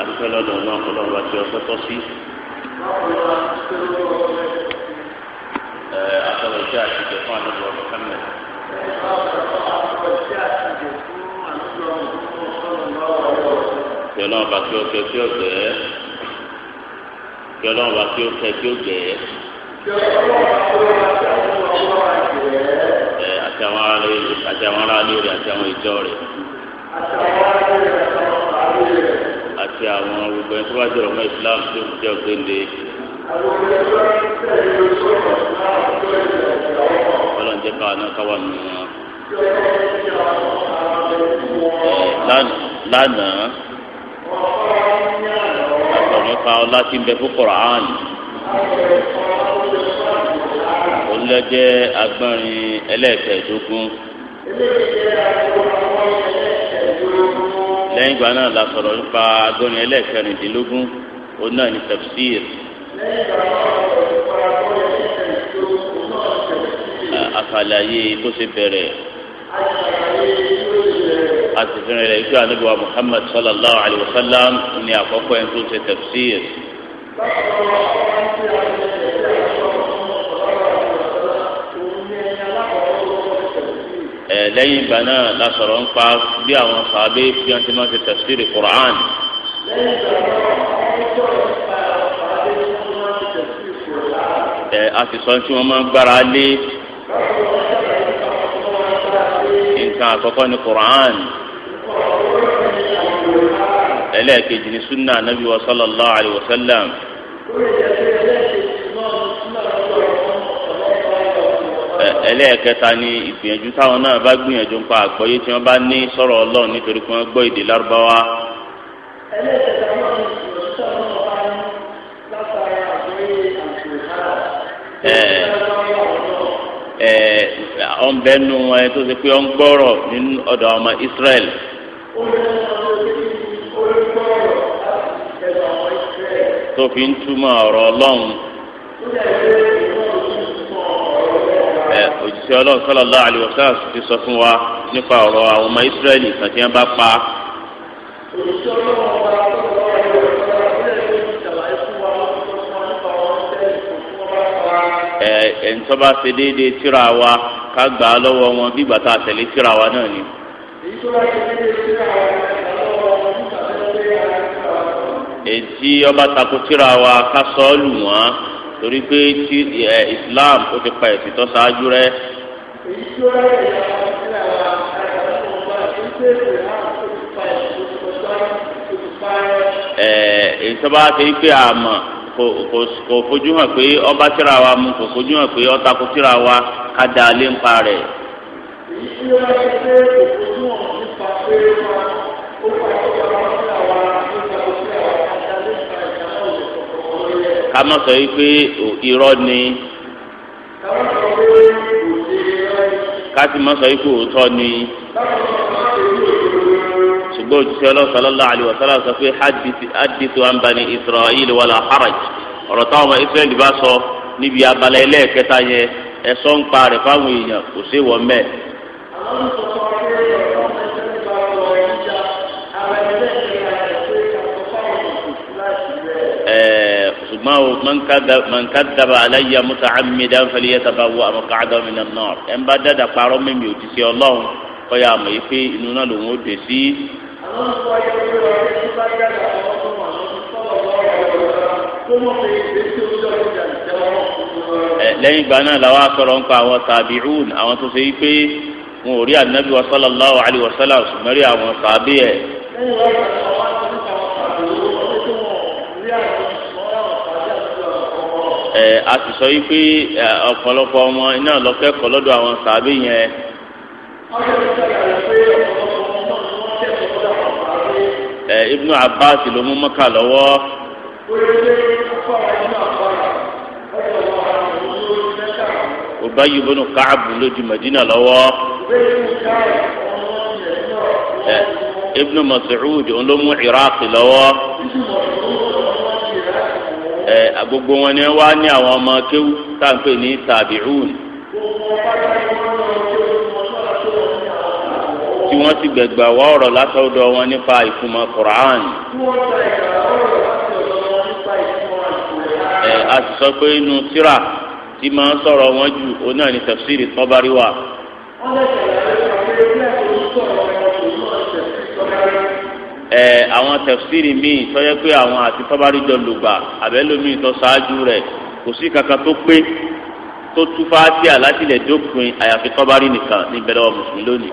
adúpẹ́ lọ́dọ̀ náà kọ́lọ́ ọba tí sí. ẹ asọ̀rọ̀ àtijọ́ fún àdúgbò ọ̀dọ̀ kánẹ̀. kí ọlọ́run kí ó kẹ kí ó gẹ̀ ẹ́ kí ọlọ́run kí ó kẹ kí ó gẹ̀ ẹ́. àti àwọn ará ilé àti àwọn ìjọ rẹ̀ àti àwọn olùkọ́ ẹni tó bá jọ̀rọ̀ mọ́ islam tó fi jẹ́ ògbéǹde. ọlọ́run jẹ́ káwa náà káwa nù wọn. lánàá àtọ̀ nípa ń bẹ fún Qur'an ó lọ jẹ́ agbọ́nrin lẹ́yìn ìgbà náà la sọ̀rọ̀ nípa agbọ́nrin ẹlẹ́ẹ̀kẹrìndínlógún òun náà ní tafsir. àfàlàyé tó ṣe bẹ̀rẹ̀ àtìfẹ́rẹ́ rẹ̀ ìgbà níbi wa Muhammad sallallahu alayhi wa sallam ní àkọ́kọ́ ẹni tó ṣe tafsir. lẹ́yìn ìgbà náà la sọ̀rọ̀ ń pa bí àwọn sàbẹ bí wọn ti máa ṣe tafsiri Qur'an. ẹ a ti sọ tí wọn máa gbára lé nǹkan àkọ́kọ́ ní Qur'an ẹlẹ́ẹ̀kejì ní sunnah anabi wa sallallahu alayhi wa sallam. ẹlẹ́ẹ̀kẹta ni ìgbìyànjú táwọn náà bá gbìyànjú ń pa àgbọ́yé tí wọ́n bá ní sọ̀rọ̀ ọlọ́run nítorí pé wọ́n gbọ́ èdè lárúbáwá. ọ̀nbẹ́nu ẹ tó ṣe pé ọ̀n gbọ́rọ̀ nínú ọ̀dọ̀ ọmọ tó fi ń túmọ̀ ọ̀rọ̀ òjíṣẹ́ ọlọ́run sallallahu alaihi wasallam ti sọ fún wa nípa ọ̀rọ̀ àwọn ọmọ ìsírẹ́lì àti ẹ̀ bá pa. òjíṣẹ́ ọlọ́run ọba ọlọ́run ẹ ẹ ntọ́ba ṣe déédéé tíra wa ká gbà á lọ́wọ́ wọn bí gbàtà àtẹ̀lé tíra wa náà ni. èyí ọba tako tíra wa ká sọ ọ́ lù wọ́n. torí pé tí ẹ Islam ó ti pa ẹ̀sìn tó ṣáájú rẹ̀. ẹ ìṣọba ti pé àmọ́ kò fojú hàn pé ọba tíra wa mu kò fojú hàn pé ọta kò tíra wa ká lé ń pa rẹ̀. ká má sọ yìí pé irọ́ ni ká sì má sọ yìí pé òótọ́ ni ṣùgbọ́n òjíṣẹ́ ọlọ́run sallallahu alaihi wasallam sọ pé hadithu an bani israel wala haraj ọ̀rọ̀ táwọn ọmọ israel bá sọ níbi abala ẹlẹ́ẹ̀kẹta yẹn ẹ̀sọ́ ń pa rẹ̀ fáwọn èèyàn kò sí wọ́n mẹ́ẹ̀. ṣùgbọ́n o man kadaba alayya muta'ammidan falyatabawwa maq'adahu minan nar ẹ̀ ń bá dàda parọ́ mímì ò ti ṣe ọlọ́run kọ́ya àmọ́ yìí pé inú náà lòun ó dé sí. àwọn ọ̀pọ̀ ayẹyẹ lẹ́yìn ìgbà náà làwọn asọ̀rọ̀ ń pa àwọn tàbíùn àwọn tó ṣe yí pé wọn ò rí ànábì wa sallallahu alayhi wa sallam ṣùgbọ́n àwọn tàbí ẹ̀. ẹ a sì sọ yìí pé ọ̀pọ̀lọpọ̀ ọmọ iná lọ́kẹ́kọ̀ọ́ lọ́dọ̀ àwọn sàbí yẹn. ẹ Ibnu Abbas ló mú mọ́kà lọ́wọ́. Ubayy ibn Ka'b ló ju Madina lọ́wọ́. Ibnu Mas'ud ló mú Iraq lọ́wọ́ ẹ gbogbo wọn ni wá ní àwọn ọmọ kéwú tá à ń pè ní tàbíhùn tí wọ́n ti gbẹ̀gbà wá ọ̀rọ̀ látọ̀dọ̀ wọn nípa ìfúnmọ́ Qur'an. ẹ a sì sọ pé inú tírà tí máa ń sọ̀rọ̀ wọn jù òun náà ni tafsiri Tabari wà. wọ́n lè sọ̀rọ̀ ẹ̀ sọ̀rọ̀ ẹ̀ bí wọ́n ti sọ̀rọ̀ ẹ àwọn tẹfsiri míì tọ́jẹ́ pé àwọn àti tọ́bárijọ lùgbà àbẹ́lómìí tó ṣáájú rẹ̀ kò sí kankan tó pé tó tú fáátíà láti lè dópin àyàfi tọ́bárí nìkan níbẹ̀ lọ́wọ́ mùsùlùmí lónìí.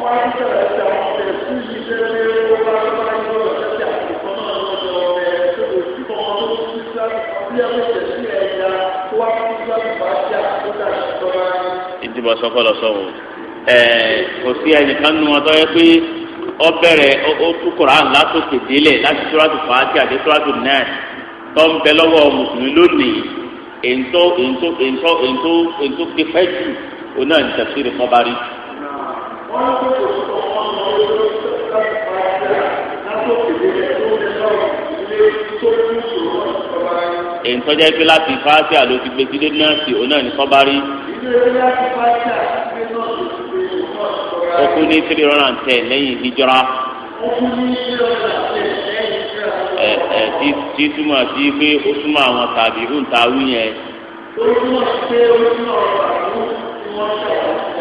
ìdìbò sọkọlọ sọ̀rọ̀ ẹ̀ kò sí ẹnìkan nu ọtọ́ yẹ pé ọbẹ̀rẹ̀ otu koran látòkè délẹ̀ láti sọ́ràtù fàájì àti sọ́ràtù náà tó ń bẹ lọ́wọ́ mùsùlùmí lónìí èntò èntò èntò èntò èntò pípẹ́ jù oná ìtẹ̀síri kọ́bárí. èntò jẹ́ pé láti fàájì àlòkì gbèsè náà sí oná ìtẹ̀síri kọ́bárí. ilé ìwé láti fàájì àlòkì ó kú ní three hundred and ten lẹ́yìn hijra ẹ ẹ tí túmọ̀ sí pé ó túmọ̀ àwọn tàbí ń ta wí yẹn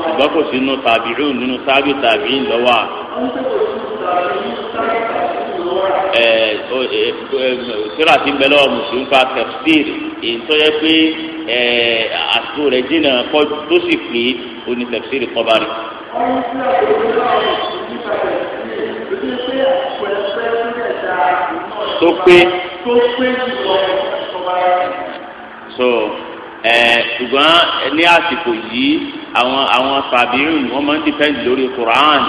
ṣùgbọ́n kò sínú tàbí ń nínú sábì tàbí ń lọ́wọ́ ẹ ẹ sira ti bẹ lọ́wọ́ mùsùlùmí pa tafsir èyí tó yẹ pé ẹ àtúrẹ̀ dínà kọ́ tó sì pé oní tafsir tó pé tó pé jùlọ so ẹ ṣùgbọ́n ní àsìkò yìí àwọn àwọn sàbírùn wọ́n máa ń dìpẹ́ǹdì lórí Quran.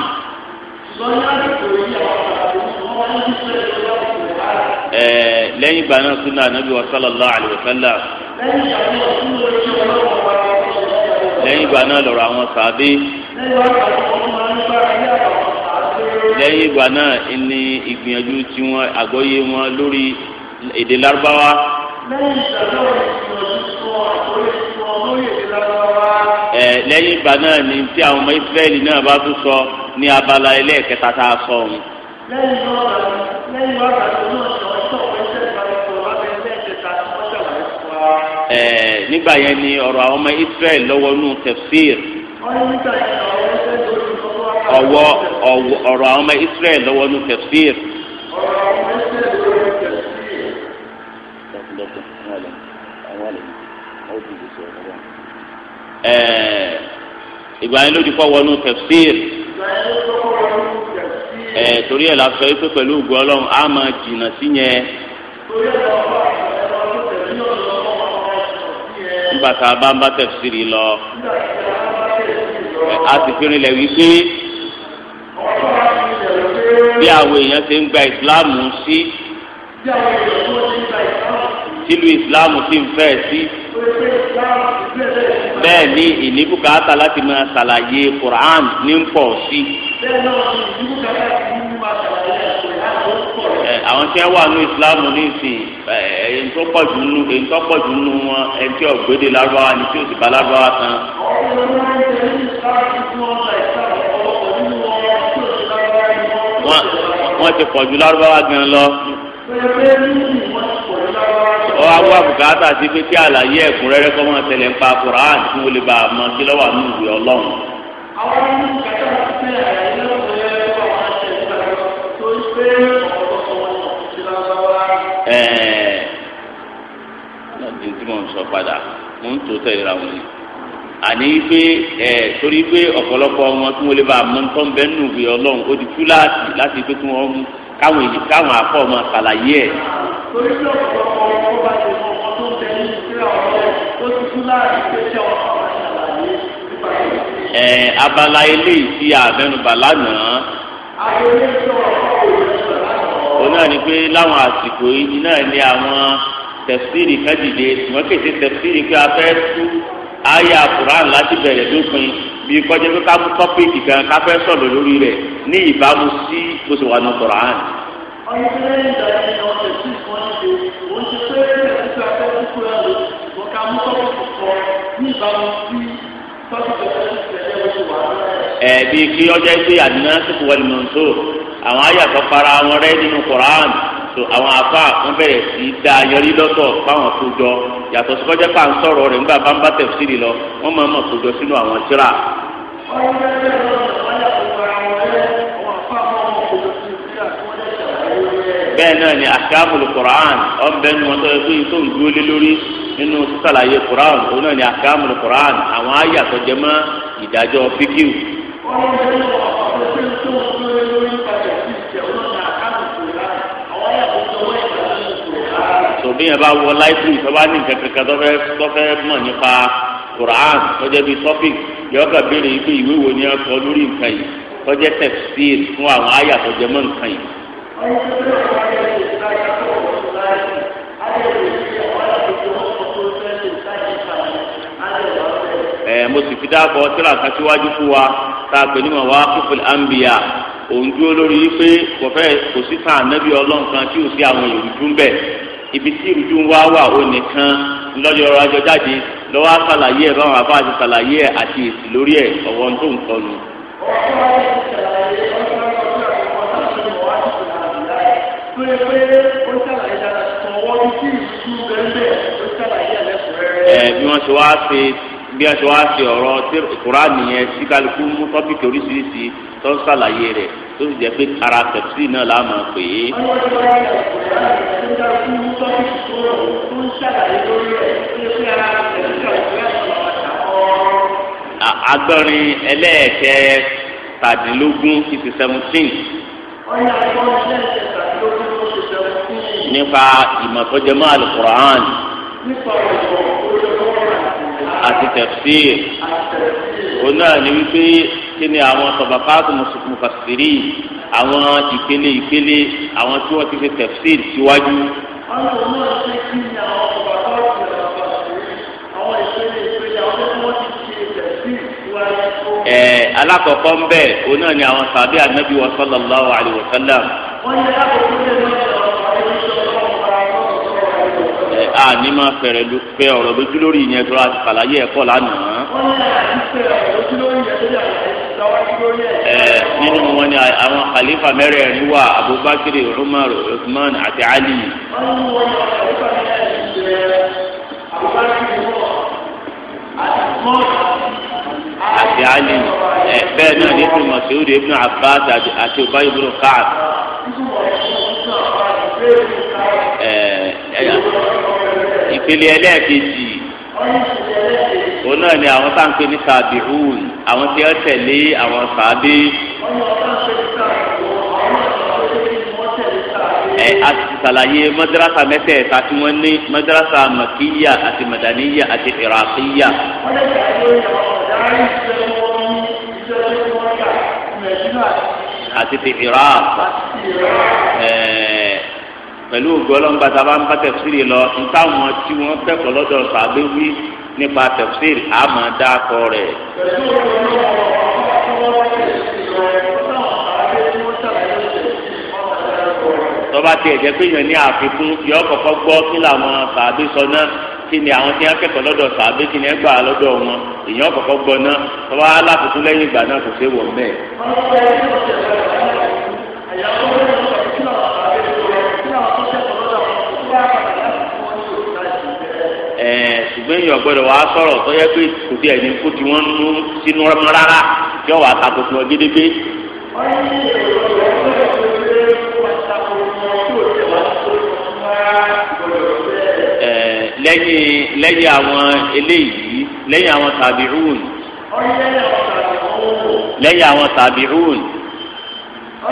ẹ lẹ́yìn ìgbà náà sunna anabi wa sallallahu alayhi wa sallam lẹ́yìn ìgbà náà lọ́rọ̀ àwọn sàbí lẹ́yìn ìgbà náà ni ìgbìyànjú tí wọ́n àgọ́yé wọn lórí èdè lárúbáwá. ẹ lẹ́yìn ìgbà náà ni tí àwọn ọmọ ìsírẹ́lì náà bá tún sọ ní abala ẹlẹ́ẹ̀kẹta tá a sọ ọ̀hún. ẹ nígbà yẹn ni ọ̀rọ̀ àwọn ọmọ ìsírẹ́lì lọ́wọ́ nù tafsir. ọwọ́ ọ̀rọ̀ àwọn ọmọ Israẹli lọ́wọ́ ní tafsir. ìgbà yẹn ló ti wọnú tafsir torí ẹ la sọ pé pẹ̀lú ògùn ọlọ́run á máa jìnnà sí yẹn. nígbà tá lọ a sì fi rinlẹ̀ wípé bí àwọn èèyàn ṣe ń gba ìsìláàmù sí tìlú ìsìláàmù sì ń fẹ́ sí bẹ́ẹ̀ ni ìníbùkátà láti máa ṣàlàyé Qur'an ní ń pọ̀ sí. àwọn tí wọ́n wà ní ìsìláàmù ní ìsìn èyí tó pọ̀ jù nù èyí tó pọ̀ jù nù wọn ẹni tí ọ̀gbẹ́dẹ lárúbáwá ni tí ó sì bá lárúbáwá tán. wọ́n ti pọ̀jù lárúbáwá gan lọ. ọ awọ àbùkátà sí pé kí àlàyé ẹ̀kúnrẹ́rẹ́ kọ́ máa tẹ̀lé nípa Qur'an tí wọ́n lè bá a mọ sí lọ́wọ́ àánú ìwé ọlọ́run. àwọn ọmọ mi kẹta tí mo ń sọ padà mo ń tó tẹ̀lé ra wọn ni àní pé ẹ torí pé ọ̀pọ̀lọpọ̀ wọn tí wọ́n lè bá àmọ́ tó ń bẹ́ nù bí ọlọ́run ó di tú láti láti pé kí wọ́n mú káwọn èyí káwọn afọ́ ọmọ àkàlàyé ẹ̀. torí pé ọ̀pọ̀lọpọ̀ wọn bá ti mọ ọmọ tó ń bẹ nínú síra ọ̀rẹ́ ó ti tú láti pé kí ọmọ àkàlàyé nípa ẹ̀. ẹ abala eléyìí tí àbẹnubà lánàá. ayọ̀lẹ́ sọ̀rọ̀ òun náà ni pé láwọn àsìkò yìí náà ni àwọn tẹ̀síìrì kan dìde ayé àkùrán láti bẹ̀rẹ̀ dópin bí kọjá pé ká mú tọ́pìkì kan ká fẹ́ sọ̀rọ̀ lórí rẹ̀ ní ìbámu sí oṣù wa nù kùrán. ẹ̀ẹ́dì kí ọjọ́ ìgbéyàwó náà ti kú wọlé mọ̀nsó àwọn ayé àtọ́fara wọn rẹ́ nínú kùrán so àwọn afa wọn bẹ̀rẹ̀ sí í da yọrí lọ́tọ̀ fáwọn tó jọ yàtọ̀ sọ́jà pa ń sọ̀rọ̀ rẹ̀ nígbà bá ń bá tẹ̀síìrì lọ wọ́n máa mọ̀ tó jọ sínú àwọn tíra. bẹ́ẹ̀ náà ni àkàbùlù Qur'an ọ̀nbẹ́ ni wọ́n tọ́ ẹgbẹ́ yìí tó ń dúró lé lórí nínú sísàlàyé Qur'an òun náà ni àkàbùlù Qur'an àwọn ayàtọ̀ jẹ́ mọ́ ìdájọ́ fíkìw. àbíyàn bá wọ láìpù ìfọwọ́ ní kankan tọ́fẹ́ mọ̀ nípa quran tọ́jẹ́ bíi topic yọ ká béèrè pé ìwé wo ni a sọ lórí nǹkan yìí tọ́jẹ́ tafsir fún àwọn àyà tọ́jẹ́ mọ́ nǹkan yìí. ẹ mo sì fi dáàbọ̀ tíra kan síwájú fún wa tá a pè ní mọ̀ wá kíkùl àmbíyà òun dúró lórí pé kò fẹ́ kò sí tàn ànábì ọlọ́nkan tí ò sí àwọn èrò dúnbẹ̀ ibi tí ìrújú ń wá wà ó nìkan lọ́jọ́ ọ̀rọ̀ ajọ jáde lọ́wọ́ àṣàlàyé ẹ̀ báwọn àbá àti ṣàlàyé ẹ̀ àti èsì lórí ẹ̀ ọ̀wọ́ tó ń kọ nu. ẹ wọ́n ṣe wá ṣe bí a ṣe wá ṣe ọ̀rọ̀ kuraani yẹn sí kálukú mú tọ́pìkì oríṣiríṣi tó ń ṣàlàyé rẹ̀ tó sì jẹ́ pé ara tẹ̀sí náà la máa pè é. ẹlẹ́ẹ̀kẹ́ tàdínlógún fifty seventeen nípa ìmọ̀ tó jẹ mọ́ àlùkùránì. nípa àti tafsir òun náà ní wípé kí ni àwọn tabaqatu mufassiri àwọn ìpele ìpele àwọn tí wọ́n ti fi tafsir síwájú. ẹ alakọkọ ń bẹ òun náà ni àwọn sàbí anabi wa sallallahu alayhi wa sallam. wọ́n yẹ lákòókò tẹ̀lé. àní máa fẹ̀rẹ̀ lu pé ọ̀rọ̀ lójú lórí ìyẹn tó láti kàlàyé ẹ̀kọ́ lánàá. ẹ nínú wọn ni àwọn khalifa mẹ́rẹ̀ẹ̀rin wà Abubakar Umar Usman àti Ali. àti Ali ẹ bẹ́ẹ̀ náà ní Ibn Mas'ud Ibn Abbas àti Ubay ibn Ka'b ìpele ẹlẹ́ẹ̀kejì òun náà ni àwọn tá à ń pè ní sàbíhùn àwọn tí ó tẹ̀lé àwọn sàbí. ẹ a ti ṣàlàyé madrasa mẹ́tẹ̀ẹ̀ta tí wọ́n ní madrasa makiya àti madaniya àti irakiya. àti ti iraq. ẹẹ pẹ̀lú ògo ọlọ́mọba tá a bá ń bá tẹ̀síìrì lọ ntáwọn tí wọ́n kẹ́kọ̀ọ́ lọ́dọ̀ sàbẹ̀ wí nípa tẹ̀síìrì àmọ́ dákọ rẹ̀. tọ́ba tiẹ̀ jẹ́ pé yàn ní àfikún yọ kọ́kọ́ gbọ́ kí làwọn sàbẹ̀ sọ náà kí ni àwọn tí wọ́n kẹ́kọ̀ọ́ lọ́dọ̀ sàbẹ̀ kí ni ẹ gbà lọ́dọ̀ wọn èèyàn kọ́kọ́ gbọ́ náà tọ́ba aláfikún lẹ́yìn ìgbà náà kò ṣùgbọ́n èèyàn gbọ́dọ̀ wàá sọ̀rọ̀ tó yẹ pé kò tí ẹ̀yìn kó tí wọ́n mú sínú ọmọ rárá yọ wàá takò fún ọ gédégbé. lẹ́yìn lẹ́yìn àwọn eléyìí lẹ́yìn àwọn tàbíhùn lẹ́yìn àwọn tàbíhùn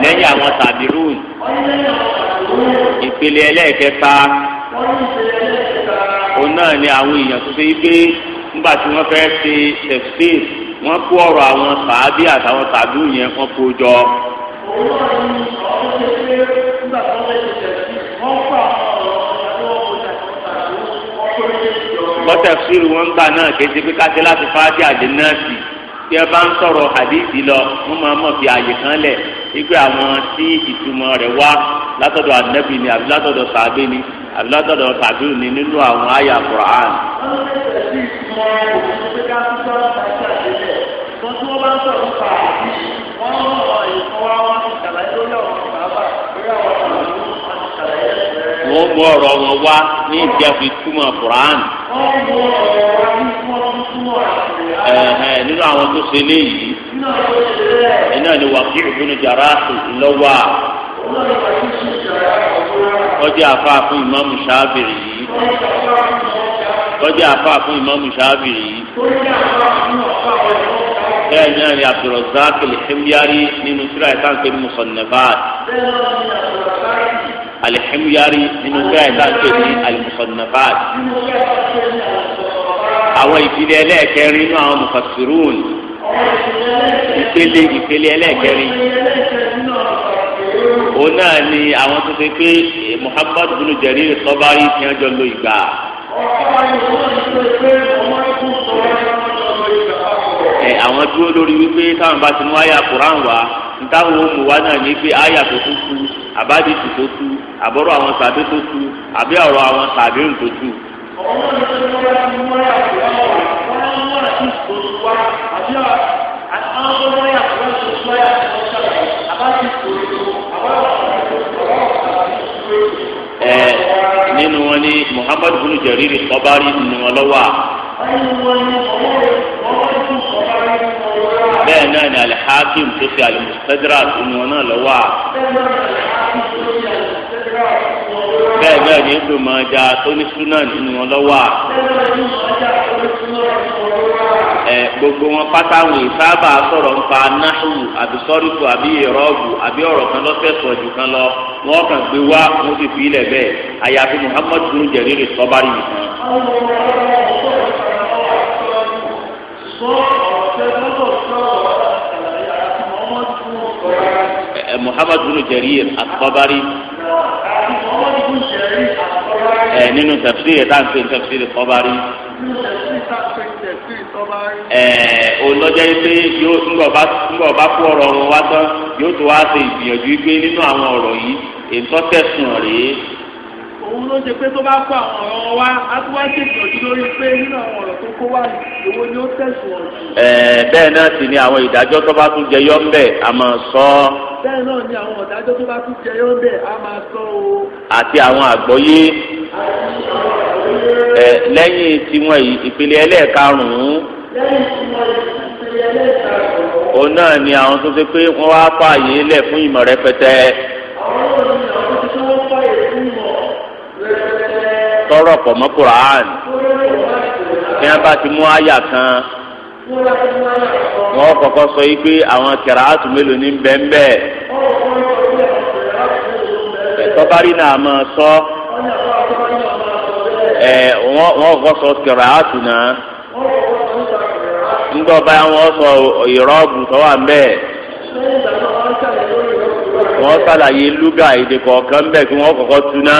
lẹ́yìn àwọn tàbíhùn ìpele ẹlẹ́ẹ̀kẹta òun náà ni àwọn èèyàn tó ṣe é pé nígbà tí wọ́n fẹ́ ṣe tẹ̀síìs wọ́n kó ọ̀rọ̀ àwọn sàábì àtàwọn sàábì yẹn wọ́n kó jọ. bọ́tẹ̀síìrì wọn gbà náà kéde pé káṣí láti fáájì àdé nọ́ọ̀sì tí ẹ bá ń sọ̀rọ̀ hadithi lọ wọ́n máa mọ̀ fi àyè kan lẹ̀ wípé àwọn tí ìtumọ̀ rẹ̀ wá látọ̀dọ̀ ànábì ni àbí látọ̀dọ̀ sàábì ni àbí látọ̀dọ̀ tàbí ní nínú àwọn àyà Qur'an. wọ́n mú ọ̀rọ̀ wọn wá ní ìdí àfi túmọ̀ Qur'an. ẹ̀hẹ̀ nínú àwọn tó ṣe léyìí iná ni wàkí ìbùnú jàrá ìlọ́wà ọjọ́ afa fún ìmáàmù sábìrì yìí ọjọ́ afa fún ìmáàmù sábìrì yìí bẹ́ẹ̀ náà ni abdulrasaq alihimyari nínú sira ìtàn pé musonnebat alihimyari nínú sira ìtàn pé ní alimusonnebat àwọn ìpele ẹlẹ́ẹ̀kẹrin nínú àwọn mufassirun ìpele ìpele ẹlẹ́ẹ̀kẹrin òun náà ni àwọn tó ṣe pé eh, Muhammad bin Jarir Tabari ti hàn jọ lo ìgbà. ẹ eh, àwọn dúró lórí wípé táwọn bá ti mú àyà Quran wá ntáwọn ohun wa náà ní pé àyà tó tún kú àbádìsí tó kú àbọ̀rọ̀ àwọn sàbẹ̀ tó kú àbí ọ̀rọ̀ àwọn sàbẹ̀ ń tó kú ẹ nínú wọn ni muhammad bin jariri kọbari nínú wọn lọ́wọ́ a. bẹ́ẹ̀ náà ni alihakim tó fi alimusadra nínú wọn náà lọ́wọ́ bẹ́ẹ̀ bẹ́ẹ̀ ni Ibn Majah tó ní súnà nínú wọn lọ́wọ́ à. ẹ gbogbo wọn pátáwọn ìsábà sọ̀rọ̀ nípa náhù àbí sọ́rífù àbí ìrọ́ọ̀bù àbí ọ̀rọ̀ kan lọ́sẹ̀ jù kan lọ wọn kàn gbé wá wọn sì fi ilẹ̀ bẹ́ẹ̀ àyàfi nìkan. ẹ nínú tẹ̀sí ẹ̀ tá à ń pè tẹ̀sí rẹ̀ kọ́ bá rí. ẹ olọ́jọ́ pé yóò ńgbọ̀ bá kú ọ̀rọ̀ wọn wá tán yóò tó wá ṣe ìgbìyànjú pé nínú àwọn ọ̀rọ̀ yìí ètò tẹ̀sùn rèé òun ló ṣe pé tó bá kó àwọn ọ̀rọ̀ wa á tún wá ṣètọ́jú lórí pé nínú àwọn ọ̀rọ̀ tó kó wá ìwọ ni ó tẹ̀sùn ọ̀sùn. bẹ́ẹ̀ náà sì ni àwọn ìdájọ́ tó bá tún jẹyọ ń bẹ̀ àmọ́ sọ ọ́ bẹ́ẹ̀ náà ni àwọn ọ̀dájọ́ tó bá tún jẹyọ bẹ́ẹ̀ á máa sọ o. àti àwọn àgbọ́yé ẹ lẹ́yìn tiwọn ìpele ẹlẹ́ẹ̀karùn-ún òun náà ni àwọn tó ṣe pé wọ́n wá fààyè lẹ̀ fún ìmọ̀ rẹpẹtẹ. tọrọ pọ̀ mọ́ Qur'an kí wọ́n bá ti mú àyà kan wọ́n kọ́kọ́ sọ yìí pé àwọn kẹràátù mélòó ní bẹ́ẹ̀ bẹ́ẹ̀. na náà máa sọ ẹ wọ́n sọ kẹrọ àtù náà ńgbọ́ báyà sọ ìrọ́bù tọ́wà ń bẹ́ẹ̀ wọ́n sàlàyé lúgà èdè kọ̀ọ̀kan bẹ́ẹ̀ kí tu náà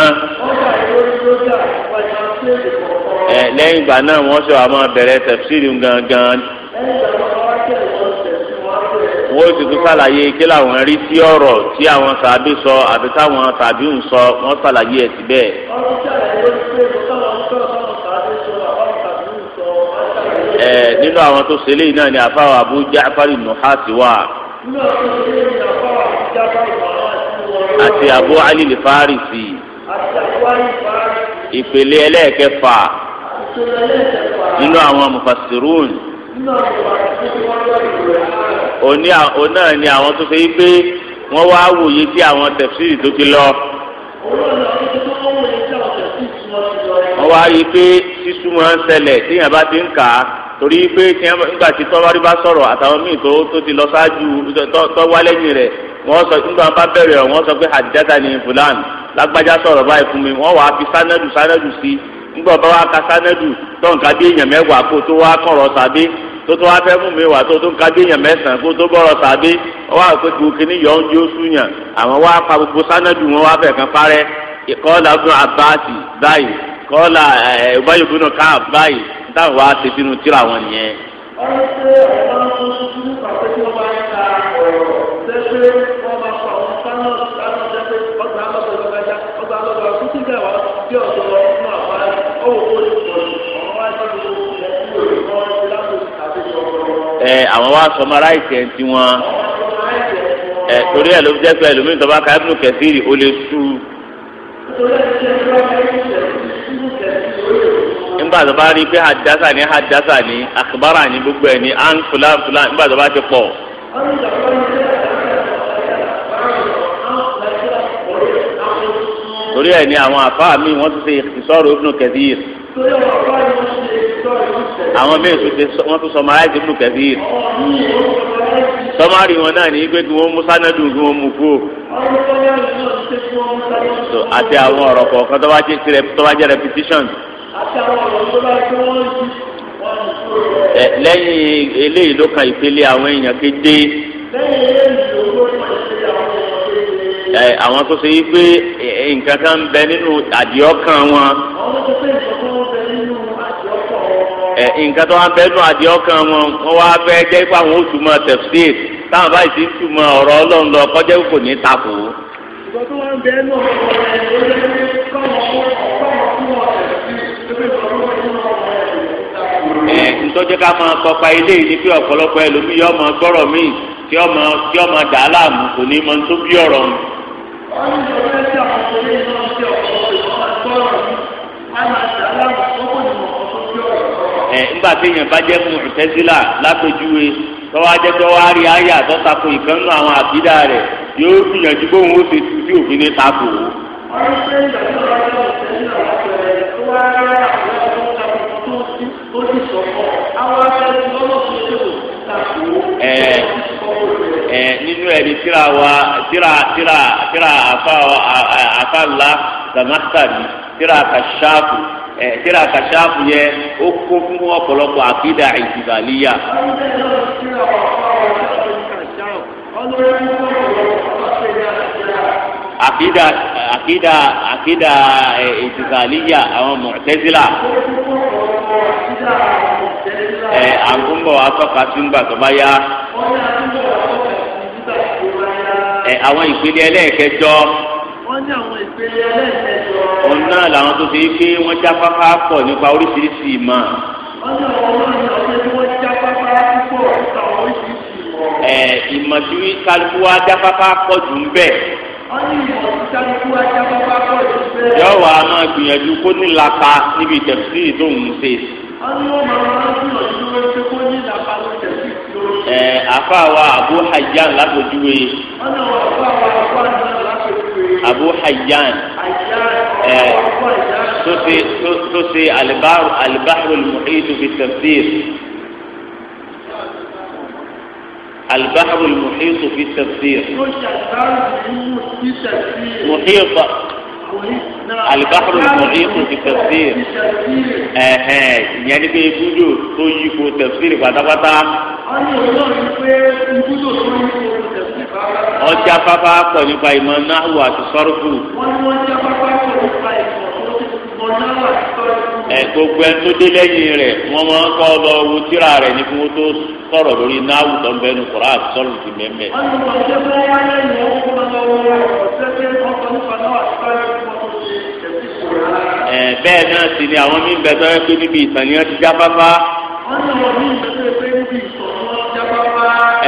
ẹ lẹ́yìn ìgbà náà sọ àwọn bere tẹ̀síìrì gangan. wọ́n sì tún ṣàlàyé kí làwọn rí sí ọ̀rọ̀ tí àwọn sàbí sọ àbí táwọn sàbí ń sọ wọ́n ṣàlàyé ẹ̀ síbẹ̀. ẹ nínú àwọn tó ṣe léyìn náà ni àfáwọ Abu Ja'far an-Nuhasi wà àti Abu Ali al-Farisi ìpele ẹlẹ́ẹ̀kẹfà nínú àwọn mufassirun òní òun náà ni àwọn tó ṣe pé wọ́n wá wòye sí àwọn tẹ̀síìrì tó ti lọ. wọ́n wá yí pé sísúmọ́ ń ṣẹlẹ̀ téèyàn bá ti ń kà á torí pé nígbà tí tọ́wárí bá sọ̀rọ̀ àtàwọn míì tó tó ti lọ ṣáájú tọ́wálẹ́yìn rẹ̀ wọ́n sọ nígbà wọn bá bẹ̀rẹ̀ ọ̀ wọ́n sọ pé àdìjáta ni fúlàn lágbájá sọ̀rọ̀ báyìí fún mi wọ́n wàá fi sánẹ́dù sánẹ́dù sí nígbà wọn bá wàá ka sánẹ́dù tọ́ǹkà bí èèyàn mẹ́wàá kó tó wá kọ̀rọ̀ tàbí tó tó wá fẹ́ mú mi wà tó tó ń ka déyàn mẹ́sàn-án kó tó bọ̀rọ̀ tàbí wá pé kò kíní yọ̀ ń jó súnyàn àwọn wá pa gbogbo sánádù wọn wá fẹ̀ kan parẹ́ ìkọ́lá ọdún abáàsì báyìí kọ́lá ẹ̀ eh, ọba káà báyìí táwọn wá ti sínú tíra wọn nìyẹn. ọ̀rẹ́ ṣe ọ̀rọ̀ ẹ àwọn wa sọ ma ráìtì ẹ ti wọn ẹ torí ẹ ló fi jẹ pé ẹlòmíì tọba ká ibùdó kẹsìrì ó lè tú. nígbà tó bá rí pé hadasa ni ni akibara ni gbogbo ẹ ni an fulan fulan nígbà tó bá ti pọ̀. torí ẹ ni àwọn àfáà mi wọ́n ti ṣe ìsọ̀rọ̀ ibùdó kẹsìrì. àwọn míì tún ti wọ́n tún sọmaráìsì fún kẹfìr sọmárì wọn náà ní pé kí wọ́n mú sánádù kí wọ́n mú kú so àti àwọn ọ̀rọ̀ kọ̀ọ̀kan tó bá jẹ́ tirẹ̀ tó bá jẹ́ repetition. lẹ́yìn eléyìí ló kan ìpele àwọn èèyàn kéde àwọn tó ṣe yí pé nǹkan kan ń bẹ nínú àdìọ́kàn wọn. nǹkan tó wá bẹ́ẹ̀ ọkàn wọn wọn wá táwọn báyìí kọjá kò ní ìgbà tó ló lé ní ká máa kọpa ilé yìí ni pé ọ̀pọ̀lọpọ̀ ọmọ gbọ́rọ̀ ọmọ ọmọ dà á láàmú kò ní mọ tó bí ọ̀rọ̀ wọ́n ní ìjọba ẹ ńgbà téèyàn bá jẹ́ mùtẹ́sílà lápèjúwe tọ́wọ́ ajẹ́tọ́ wa rí ayé àtọ́tako àwọn àbídà rẹ̀ yóò gbìyànjú bóun ó ṣe tu òfin ní tako. nínú ẹni tíra wa tíra tíra tíra afa afa ńlá tíra ẹ eh, tíra kàṣáàfù yẹ ó kún fún ọ̀pọ̀lọpọ̀ àkídà ìdìbàlíyà. àkídà àkídà àkídà eh, ìdìbàlíyà àwọn mọ̀tẹ́sílà ẹ àgùnbọ̀ atọ́ka tí ń gbà tó bá yá ẹ eh, àwọn ìpele ẹlẹ́ẹ̀kẹjọ sí àwọn ìpele ẹlẹ́ẹ̀kẹjọ. òun náà làwọn tó ṣe é pé wọ́n já pápá pọ̀ nípa oríṣiríṣi ìmọ̀. wọ́n ní àwọn olóyìn ọ̀sẹ̀ tí wọ́n já pápá púpọ̀ nípa oríṣiríṣi ìmọ̀. ẹ ìmọ̀ tí kálukú wa já pápá pọ̀ jù ń bẹ̀. wọ́n ní ìmọ̀ tí kálukú wa já pápá pọ̀ jù ń bẹ̀. yọ wàá máa gbìyànjú kó ní lapa níbi ìtẹ̀sí tó máa gbìyànjú kó ní lapa níbi ìtẹ̀sí ẹ àfa wa àbú hajjan látòjúwe. wọ́n ní wọ́n àfa wa àbú hajjan أبو حيان سوسي tó البحر المحيط alibahru البحر المحيط في التفسير محيط البحر المحيط في التفسير اها يعني بيقولوا تو يكو تفسير فتا فتا ọjà pápá pọ̀ nípa ìmọ̀ náhùn àti sọ́rùkù. ẹ gbogbo ẹ tó dé lẹ́yìn rẹ̀ wọ́n máa ń kọ́ lọ wo tíra rẹ̀ ní fún tó sọ̀rọ̀ lórí náhùn tó ń bẹnu kọ̀rọ̀ àti sọ́rùkù ti mẹ́mẹ́. ẹ bẹ́ẹ̀ náà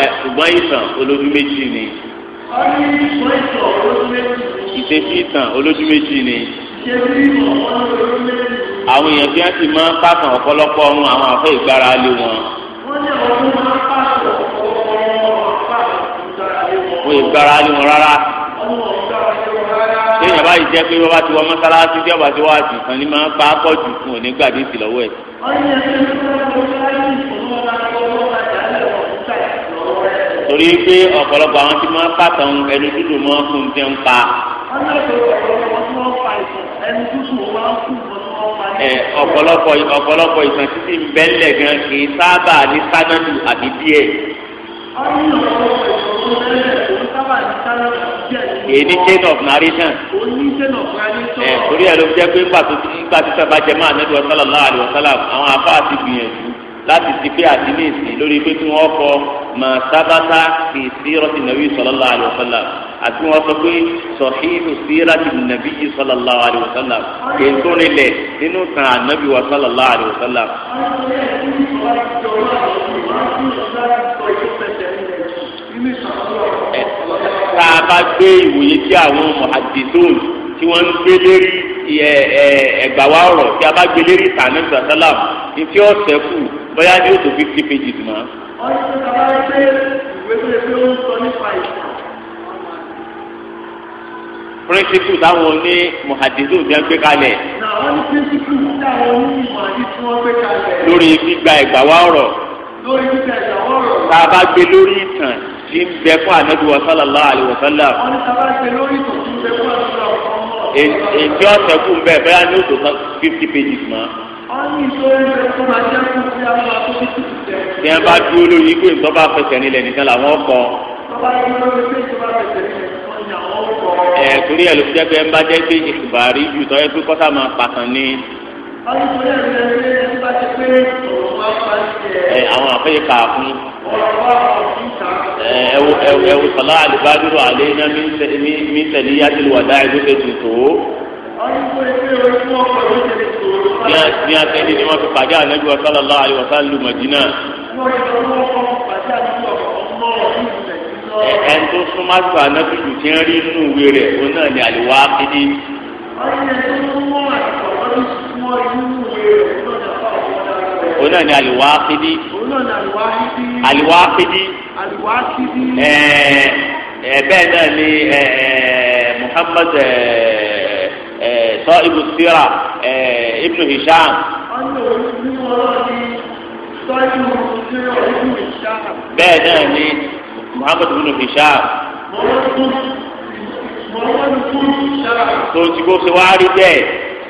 ẹ ṣùgbọ́n ìtàn olójú méjì ni. ìṣesí ìtàn olójú méjì ni. àwọn èèyàn tí wọ́n ti máa ń pàtàn ọ̀pọ̀lọpọ̀ ọ̀run àwọn àfẹ́ ìgbára lé wọn. wọ́n ìgbára lé wọn rárá. téèyàn báyìí jẹ́ pé bàbá ti wọ mọ́sálásí tí ọba ti wá àti ìtàn ní máa ń pa á pọ̀ jù fún òní gbàdúrà sí lọ́wọ́ ẹ̀. ọ̀yẹ́ torí pé ọ̀pọ̀lọpọ̀ àwọn tí máa ń pàtàn ẹnu dúdú mọ́ fún ti ń pa. ọ̀pọ̀lọpọ̀ ọ̀pọ̀lọpọ̀ ìtàn títí ń bẹ́lẹ̀ gan kì í sábà ní sánádù àbí díẹ̀. èyí ní chain of narration. torí ẹ̀ ló jẹ́ pé gbàtí sábà jẹ́ máa nẹ́dùn sallallahu alaihi wasallam àwọn afá àti gbìyànjú láti ti pé àdínní ìsìn lórí pé kí wọ́n kọ mà sábàtà fi sírọ̀tì nàbí sọlọ́lá àlùfọ́lá àti wọ́n sọ pé sọ̀híhù sírọ̀tì nàbí sọlọ́lá àlùfọ́lá èso nílẹ̀ nínú tàn ànábì wa sọlọ́lá àlùfọ́lá. tá a bá gbé ìwòye tí àwọn muhaddithun tí wọ́n ń gbé lérí ẹ̀gbà wa ọ̀rọ̀ tí a bá gbé lérí tàn ní tí ó sẹ́kù bóyá ni ó tó fifty pages mọ́. ọ̀sẹ̀ bàbá ẹgbẹ́ ìwé tó lè fi ó ń sọ nípa ìtàn. píríncípù táwọn ní mohadizu ti ń gbé kalẹ̀. àwọn píríncípù táwọn ní mohadizu wọn gbé kalẹ̀. lórí gbígba ẹ̀gbà wá ọ̀rọ̀. lórí gbígba ẹ̀gbà wá ọ̀rọ̀. tá a bá gbé lórí ìtàn tí ń bẹ fún ànábì wa sallallahu alayhi wa sallam. wọ́n ọ̀sẹ̀ kù ń bẹ̀ bẹ́ẹ̀ ni ó tó fifty pages mọ́ tí wọn bá dúró lórí ikú ìtọ́ bá fẹsẹ̀ nílẹ̀ nìkan làwọn kọ. ẹ torí ẹ ló fi jẹ́ pé ẹ ń bá jẹ́ pé ìsìbàárí ju tọ́ ẹ pé kọ́sà máa pàtàn ní. ẹ àwọn àfẹ́yẹ kà á fún. ẹ wo ẹ wo sọlá alibadúró alẹ́ iná mi ń tẹ̀lé yá ti wà dáa ẹ̀ ló tuntun bí a tẹ̀lé ni wọ́n fi pàdé ànábi wasala lọ́wọ́ àlè wasala lu Madina. ẹ ń tó súnmọ́ àti ànábi jù tí ń rí inú ìwé rẹ̀ òun náà ni àlè wá kéde. òun náà ni àlè wá kéde. àlè wá kéde. ẹ̀ẹ́ bẹ́ẹ̀ náà ni Muhammad ẹ̀ẹ́ sahibu sira ibnu hisham. bẹ́ẹ̀ náà ni muhammadu ibnu hisham. tó ti kó ṣe wáá rí bẹ́ẹ̀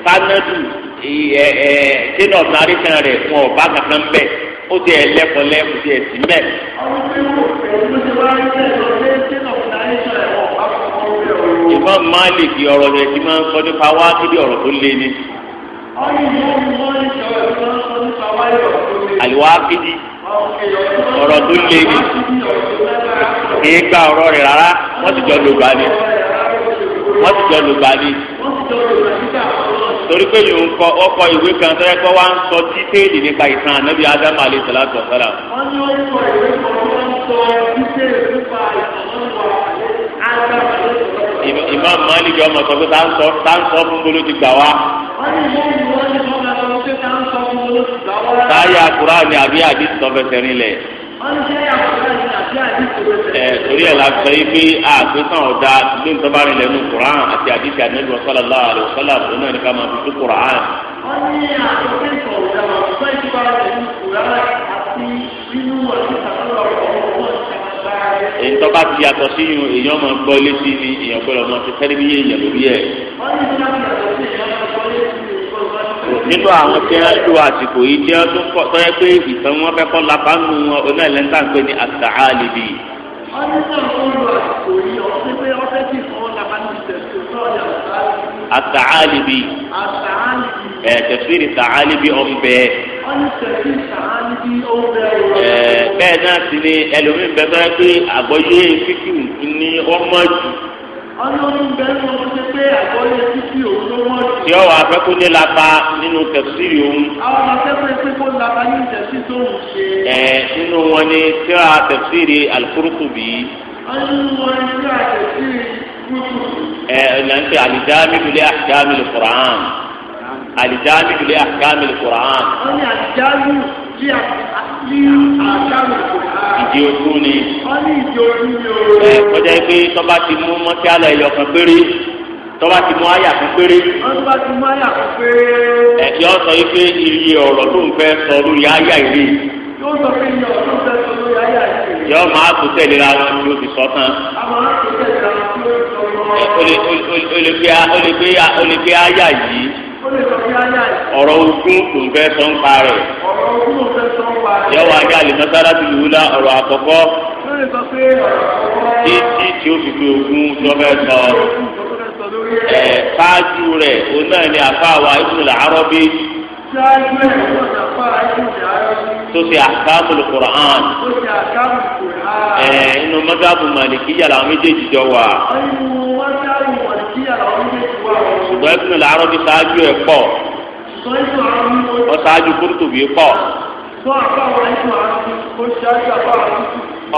sanadu chain of narration rẹ̀ fún ọba kankan bẹ́ẹ̀ ó ti ẹ̀ lẹ́kọ̀ọ́ lẹ́kọ̀ọ́ ti ẹ̀ sí bẹ́ẹ̀. àwọn tí wọ́n fẹ́ ló ti wáá rí bẹ́ẹ̀ lọ sí ẹ̀jẹ̀. Imam Malik ọ̀rọ̀ rẹ̀ ti máa ń sọ nípa wá kí ni tó lé ni. àlùwákìdí ọ̀rọ̀ tó lé ni kì gba ọ̀rọ̀ rẹ̀ rárá wọ́n ti jọ lùgbà ni wọ́n ti jọ lùgbà ni torí pé yòó kọ ọkọ ìwé kan tẹ́lẹ̀ kọ́ wá ń sọ dítéèlì nípa ìtàn ànábì ádámù alẹ́ sọ̀lá sọ̀fẹ́ra. wọ́n ní ó kọ ìwé kan wọ́n sọ dítéèlì nípa ìtàn ànábì ádámù alẹ́ sọ̀lá sọ̀fẹ́ra. Imam Malik ọmọ sọ pé tá ń sọ tá ń sọ fún bolo ti gbà wá. táyà kura ni àbí àdìsí tọ́fẹsẹ̀ rinlẹ̀. ẹ torí ẹ̀ la sọ yìí pé àgbẹ̀sán ọ̀dà ló ń tọ́ba rinlẹ̀ nù Quran àti àdìsí àdìsí sallallahu alaihi wasallam òun náà ní ká fi tú Quran. wọ́n ní àgbẹ̀sán ọ̀dà wọn fún ẹ̀jú bá rẹ̀ nù Quran àti nínú ọ̀dà èyí tó bá ti yàtọ̀ sí yun èyàn máa gbọ́ létí ni èyàn gbọ́dọ̀ máa ti fẹ́ẹ́ bí èyàn lórí ẹ̀. nínú àwọn tí wọ́n tó àsìkò yìí tí wọ́n tún kọ́ tọ́yẹ pé ìtàn wọn fẹ́ kọ́ lápá nù wọn onáìlẹ́ńtà pé ní ní sọ̀rọ̀ tó lọ àsìkò yìí ọ̀sẹ̀ pé ọ̀sẹ̀ ti fọ́ lápá nù tẹ̀síọ̀ bẹ́ẹ̀ náà sì ni ẹlòmíín bẹ́ẹ̀ bá pé àgbọ́yé fífi ní ọmọ jù. ọlọ́run bẹ́ẹ̀ ni wọ́n ti pé àgbọ́yé fífi òun ló wọ́n jù. tí ọwọ́ afẹ́kọ́ ní lapa nínú tẹ̀síì òun. àwọn akẹ́kọ̀ọ́ pé kó lapa nínú tẹ̀síì tó ń ṣe. ẹ nínú wọn ni tíra tẹ̀síì Al-Qurtubi. ọlọ́run wọn ni tíra tẹ̀síì kúrúkù. ẹ ẹ nàá ń tẹ àlìjáàmì lulẹ̀ alijamiu li ahkami al-Qur'an. wọ́n ní alijamiu li ahkami al-Qur'an. ìdí ojú ni. wọ́n ní ìdí ojú ni o. ẹ kọjá pé tọ́ba ti mú mọ́tíálà ẹ̀yọ̀ kan péré tọ́ba ti mú àyà kan péré. wọ́n tọ́ba ti mú àyà kan péré. ẹ yọ sọ yìí pé iye ọ̀rọ̀ tó ń fẹ́ sọ lórí àyà ìrè. yóò sọ pé iye ọ̀rọ̀ tó ń fẹ́ sọ lórí àyà ìrè. yọ máa tó tẹ̀lé ra wọn tí ó ti sọ tán. àwọn àti tẹ̀lé tí ó sọ tán. olè olè olè gbé àyà yìí. ọ̀rọ̀ ojú kò fẹ́ sọ ń pa rẹ̀. yọ̀wọ̀ ajá ti lù ọ̀rọ̀ àkọ́kọ́. títí tí ó fi pé ogún tó sọ. ẹ̀ rẹ̀ náà ibùdó bí. tó ṣe kùrán. inú ṣùgbọ́n ẹ̀sìn làárọ̀ bí ṣáájú ẹ̀ pọ̀ ọ ṣáájú kúrútùbí pọ̀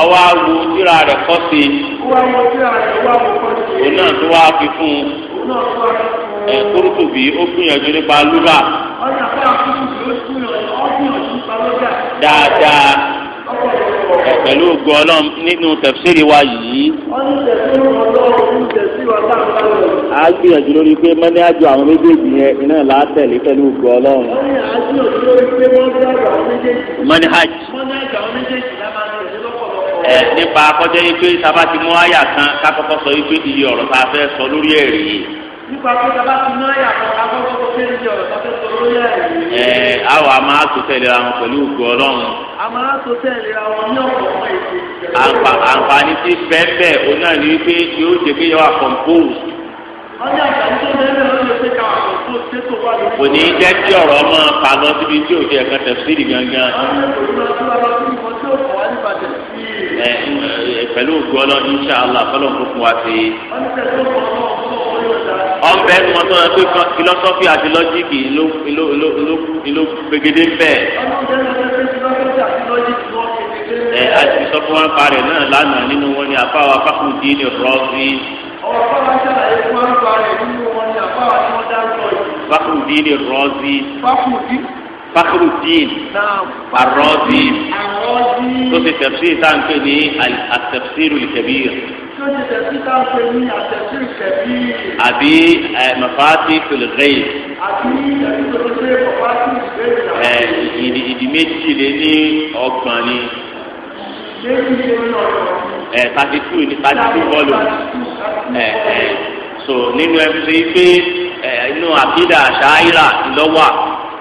ọwọ́ awo tíra rẹ̀ kọ́ sí i òun náà tó wá fi fún un ẹ̀ kúrútùbí ó gbìyànjú nípa lúbà dáadáa pẹ̀lú ògùn ọlọ́run nínú tẹ̀fsíìrì wa yìí. a gbìyànjú lórí pé mọ́ni àjọ àwọn méjèèjì yẹn iná là á tẹ̀lé pẹ̀lú ògùn ọlọ́run. mọ́ni hajj. ẹ nípa akọ́jọ́ yìí pé sábà ti mú àyà kan kákọ́kọ́ sọ yìí pé iye ọ̀rọ̀ tá a fẹ́ sọ lórí ẹ̀ rèé. nípa akọ́jọ́ bá ti mú àyà kan kákọ́kọ́ sọ lórí ẹ̀ rèé ẹ àwọn àmà àtúntẹ̀lẹ̀ àwọn pẹ̀lú ògùn ọlọ́run. àmà àtúntẹ̀lẹ̀ àwọn ní ọ̀pọ̀ ẹ̀sìn. àǹfààní tí bẹ́ẹ̀ bẹ́ẹ̀ o náà ní wípé yóò jẹ́ pé yóò wà compose. ọjà àǹfààní tó bẹ́ẹ̀ bẹ́ẹ̀ o lè pé ká kò ní jẹ́ kí ọ̀rọ̀ ọmọ pàmò síbi tí ò jẹ́ ẹ̀ka tẹ̀síìrì gangan. o ògùn ọlọ́run inṣàlá fọlọ́nkó fún wa sí i ọbẹ̀ ẹnu wọn tó yẹ pé philosophy àti lọ́jíìkì ló gbẹgẹdẹ ń bẹ̀. ẹ àti sọ fún wọn parí náà lánàá nínú wọn ni àfáwà fákùtì ní rọ́ọ̀sì. ọ̀rọ̀ fáwọn ṣàlàyé fún wọn parí nínú wọn ni àfáwà tí wọ́n dá lọ yìí. fákùtì ní rọ́ọ̀sì. fákùtì. Fakhruddin Farrozi tó ti tafsir tá à ń pè ní at-tafsir al-kabir àbí mafatihul ghaib ìdí méjì lé ní ọgbọ̀n ni ẹ thirty two ní thirty two bọ́ọ̀lù ẹ ẹ so nínú ẹ fi pé ẹ inú àkídà àṣà àyíra ìlọ́wà.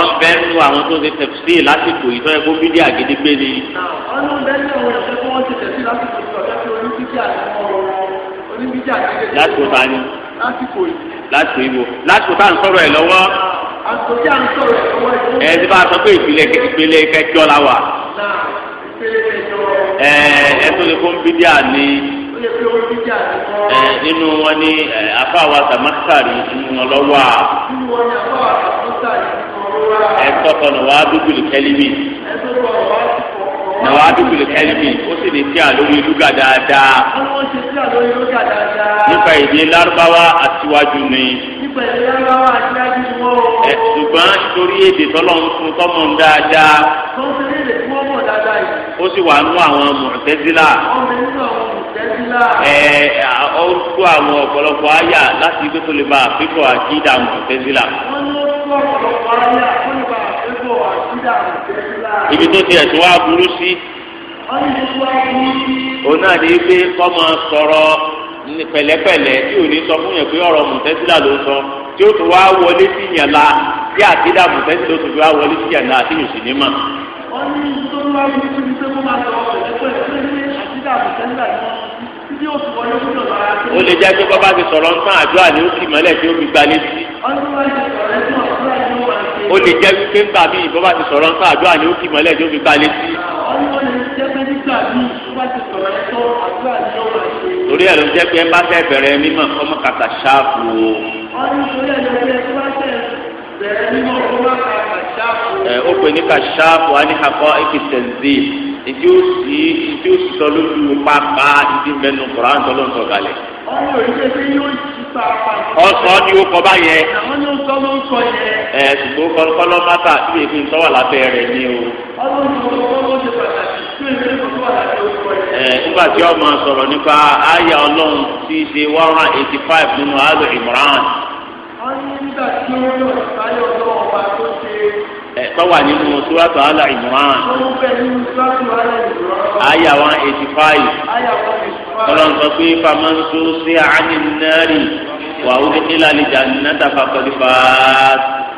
ọ̀n bẹ́ẹ̀ nù àwọn tó ṣe tẹ̀sí lásìkò yìí tó yẹ kó bídíà gidi gbé ni. lásìkò ta ni lásìkò ìwò lásìkò tá à ń sọ̀rọ̀ ẹ̀ lọ́wọ́. ẹ ti bá a sọ pé ìpìlẹ̀ ìpìlẹ̀ kẹjọ la wà. ẹ ẹ tó lè fún bídíà ni ẹ nínú wọn ní afáwa tàmásàrí nínú wọn lọ́wọ́ a. ẹ tọkọ nà wàá dúkùlù kẹlímì. nà wàá dúkùlù kẹlímì ó sì ní tíà lórí lúgà dáadáa. nípa èdè lárúbáwá àtiwájú ni. nípa èdè lárúbáwá àtiwájú ni wọ́n. ẹ ṣùgbọ́n torí èdè tọ́lọ́ ń fún tọ́mọ̀ ń dáadáa. tó ń ṣe ní èdè tí wọ́n mọ̀ dáadáa yìí. ó sì wà nú àwọn mọ̀tẹ́sílà. ọmọ inú àwọn ẹ ọ tó àwọn ọ̀pọ̀lọpọ̀ àyà láti ibi tó lè bá àfikọ̀ àti ìdààmú tẹ́sílà. ibi tó ti ẹ̀sùn wá burú sí. òun náà ní pé kọ́mọ sọ̀rọ̀ pẹ̀lẹ́pẹ̀lẹ́ tí ò ní sọ fún yẹn pé ọ̀rọ̀ mùtẹ́sílà ló sọ tí ó tún wá wọlé sí yẹn la tí àtidá mùtẹ́sí ló tún wá wọlé sí yẹn la tí yóò sì ní mọ̀. wọ́n ní ó lè jẹ́ pé bọ́bá ti sọ̀rọ̀ nǹkan àdúrà ni ó sì mọ́lẹ̀ tí ó fi gbalé sí. ó lè jẹ́ pé nígbà míì bọ́bá ti sọ̀rọ̀ nǹkan àdúrà ni ó sì mọ́lẹ̀ tí ó fi gbalé sí. torí ẹ̀ ló jẹ́ pé ẹ bá fẹ́ bẹ̀rẹ̀ mímọ̀ ọmọ kàtà ṣáàpù o. ẹ ó pè ní kàṣáàpù á ní akọ ẹkì tẹ̀síì ìdí ó sì ìdí ó sì sọ lójú pápá ìdí mẹnu kura ń tọ́lọ́ ń sọ kalẹ̀. ọsọ ni ó kọ báyẹn. àwọn ni ó sọ ló ń sọ yẹn. ẹ ṣùgbọ́n kọ́lọ́kọ́lọ́ mátà tí èmi ń sọ́wọ́ lábẹ́ rẹ̀ ni o. ọlọ́run kọ́lọ́kọ́lọ́ ṣe pàtàkì tí èmi ń sọ́wọ́ lábẹ́ rẹ̀ nígbà tí ọmọ sọ̀rọ̀ nípa àyà ọlọ́run tí í ṣe one hundred eighty five nínú àlọ́ ìmọ̀ràn. wọ́n ní nígbà tí ó lọ sí àyà ọlọ́run tọ́wà nínú sùràtù àlà ìmọ̀ràn àyà one eighty five ọlọ́run sọ pé famanso sí àánínárì wà ó ní ìlàlẹ̀ jannata fàkọ́lì fàá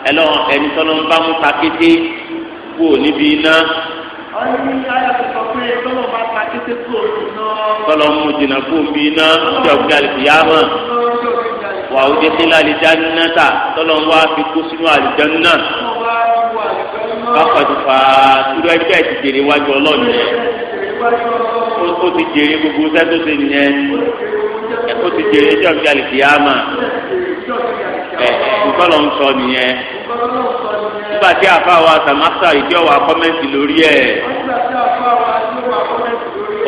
ẹ lọ́wọ́ ẹni tọ́lọ́ ń bá mú takété kú ò níbi iná. ọ̀rẹ́ mi ayọ̀ tó sọ pé tọ́lọ́ bá takété kú ò níbi iná. tọ́lọ́ mú jìnnà kú òbí iná tí ọ̀gbìn àlùfíàmà wà ó ní ìlàlẹ̀ jannata tọ́lọ́ ń wá fi kú sínú àlùjánnà bákàtú fa irú ẹgbẹ́ ti jèrè wájú ọlọ́ọ̀ni yẹn ó ti jèrè gbogbo sẹ́tó ti yẹn ó ti jèrè ẹjọ́ fi àlìkì yá mà ẹ nǹkan ló ń sọ nìyẹn nígbà tí àfa wa sàmásà ìjọ wa kọ́mẹ́ǹtì lórí ẹ̀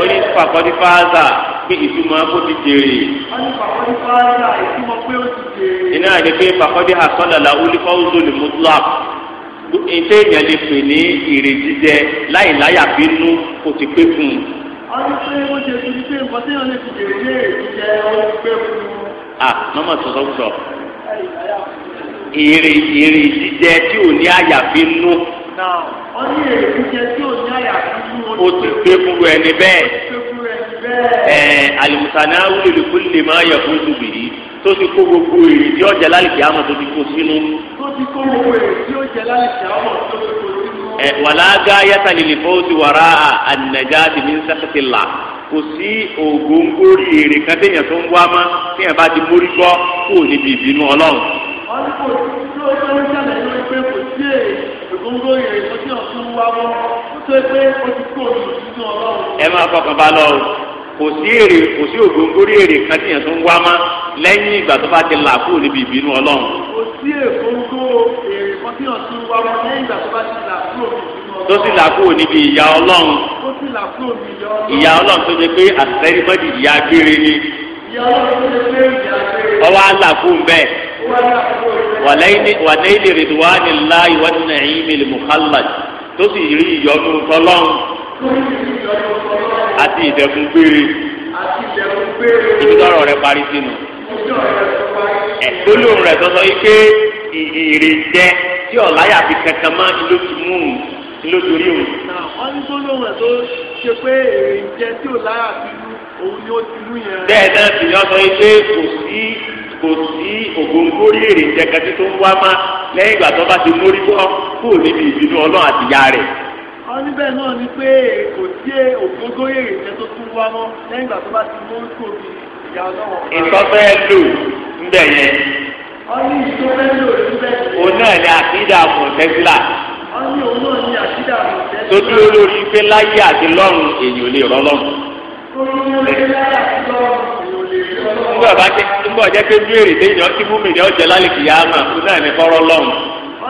ó ní fàkọ́dí fáázà pé ìtumọ̀ kó ti jèrè. iná àdé pé fàkọ́dí àsọ̀dàlà olùkọ́ òzòlù mutlaq ètè èèyàn lè pè ní ìrètí jẹ láì láyà bínú kò ti pé fún un. ọdún pé ó ṣe fi pé nǹkan tí wọn lè fi jèrè ní èrètí jẹ ọdún pé fún un. à mọ́mọ́ sọ sọ́kùsọ. èrè ìrètí jẹ tí ò ní àyà bínú. ọdún èrètí jẹ tí ò ní àyà bínú. ó ti pé fún ẹni bẹ́ẹ̀. ó ti pé fún ẹni ẹ alimusana wuli kulli ma yẹ fún tubi yìí tó ti kó gbogbo èrè tí ọjà lálùkì àmọ́ tó ti kó sínú. tó ti kó gbogbo èrè tí ọjà lálùkì àmọ́ tó ti kó sínú. ẹ wàlá gáyàtà lili fọ́ọ̀tì wàrà ànàgá tìmí sàkàtì là kò sí ògóńgóri èrè kan téèyàn tó ń wá mọ́ téèyàn bá ti mórí gbọ́ kó níbi ìbínú ọlọ́run. ọ̀nà kò sí lóòótọ́ ní sàlẹ̀ ló ń kò sí ògóńgóri èrè kan téèyàn tó ń wá mọ́ tó pé ó ti kó níbi ìbínú ọlọ́run. ẹ máa fọkàn bá lọ kò sí èrè kò sí ògóńgóri èrè kan tí yẹn tó ń wá má lẹ́yìn ìgbà tó bá ti là kúrò níbi ìbínú ọlọ́run. kò sí èkóńgó èrè kan tí tó ń wá má lẹ́yìn ìgbà tó bá ti là kúrò níbi ìbínú tó sì là kúrò níbi ìyá ọlọ́run. tó sì là kúrò níbi ìyá ọlọ́run. ìyá ọlọ́run tó ṣe pé àtẹ́rí mọ́dì ìyá gbére ni. ìyá ọlọ́run tó ṣe pé ìyá gbére. ọwọ́ àlà fún bẹ́ẹ̀ àti ìdẹ̀kùn gbére ibi tọ́rọ̀ rẹ̀ parí sínú ẹ̀gbólóhùn rẹ̀ sọ́sọ́ yìí pé èrè jẹ tí ọ̀láyà fi kankan máa ń ló ti mú un ló torí òun. wọ́n ní gbólóhùn rẹ̀ tó ṣe pé èrè jẹ tí ọ̀láyà fi mú òun ni ó ti mú yẹn. bẹ́ẹ̀ náà sì yọ sọ pé kò sí kò sí ògóńgó èrè jẹ kan tó ń wá má lẹ́yìn ìgbà tó bá ti mórí bọ́ kúrò níbi ìbínú ọlọ́run àtìyá rẹ̀. wọ́n níbẹ̀ náà ni pé kò sí ògógóyè ìṣẹ́ tó tún wá mọ́ lẹ́yìn ìgbà tó bá ti mú kòbí ìyá ọlọ́wọ́. ìtọ́fẹ́ lò ńbẹ̀ yẹn. wọ́n ní ìtọ́fẹ́ lò ńbẹ̀. òun náà ni àkídà mọ̀tẹ́sílà. wọ́n ní dúró lórí pé láyé àti èèyàn lè rọ́ tó láyé àti lè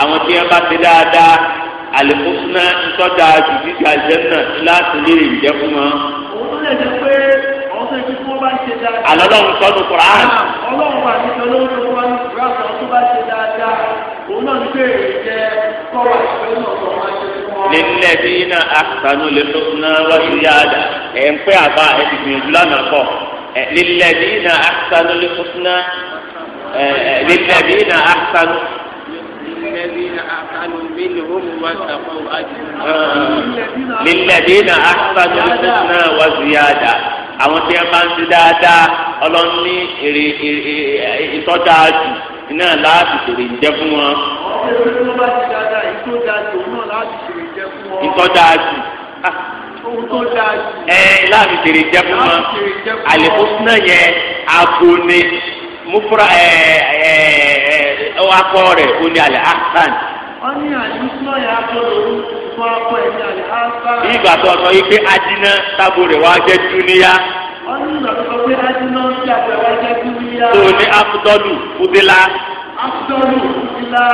àwọn tí wọn bá ti dáadáa àlèkúnná ńtọ́jà jùdíjà jẹ́nà láti lè rìn jẹ́ fún wọn. òun lè ní pé ọ̀hún ṣe kí wọ́n bá ṣe dáadáa. àlọ́lọ́run sọ́nu Quran. ọlọ́run wà ní sọ lórí wọn rà sọ tó bá ṣe dáadáa òun náà ní pé èrè jẹ kọ́wà ìfẹ́ náà sọ wọn ṣe fún wọn. nílẹ̀ bí iná àkànú lè ń pẹ́ àbá ẹ̀ gbìyànjú lánàá kọ́ lílẹ̀ bí iná àkànú lè lọ́kùnà lílẹ̀ bí iná àkànú للذين أحسنوا منهم واتقوا أجر للذين أحسنوا الحسنى وزيادة àwọn tí wọn bá ń ṣe dáadáa ọlọ́run ní èrè ìtọ́jà jù iná láti tèrè ń jẹ fún wọn. ìtọ́jà jù ẹ láti tèrè ń fún wọn àlèkùsùn náà yẹ àgbo mufra ẹ ẹ akọ rẹ̀ ó ní alẹ́ hasan. wọ́n ní àdúgbò yà tó lòun fún akọ ẹ̀ ní alẹ́ hasan. bí ìgbà tó sọ yìí pé adina tábù rẹ̀ wá jẹ́ dúníyà. wọ́n ní ìgbà tó sọ pé adina tí àgbẹ̀ wá jẹ́ dúníyà. tó ní afudọ́lù kúdélá. afudọ́lù kúdélá.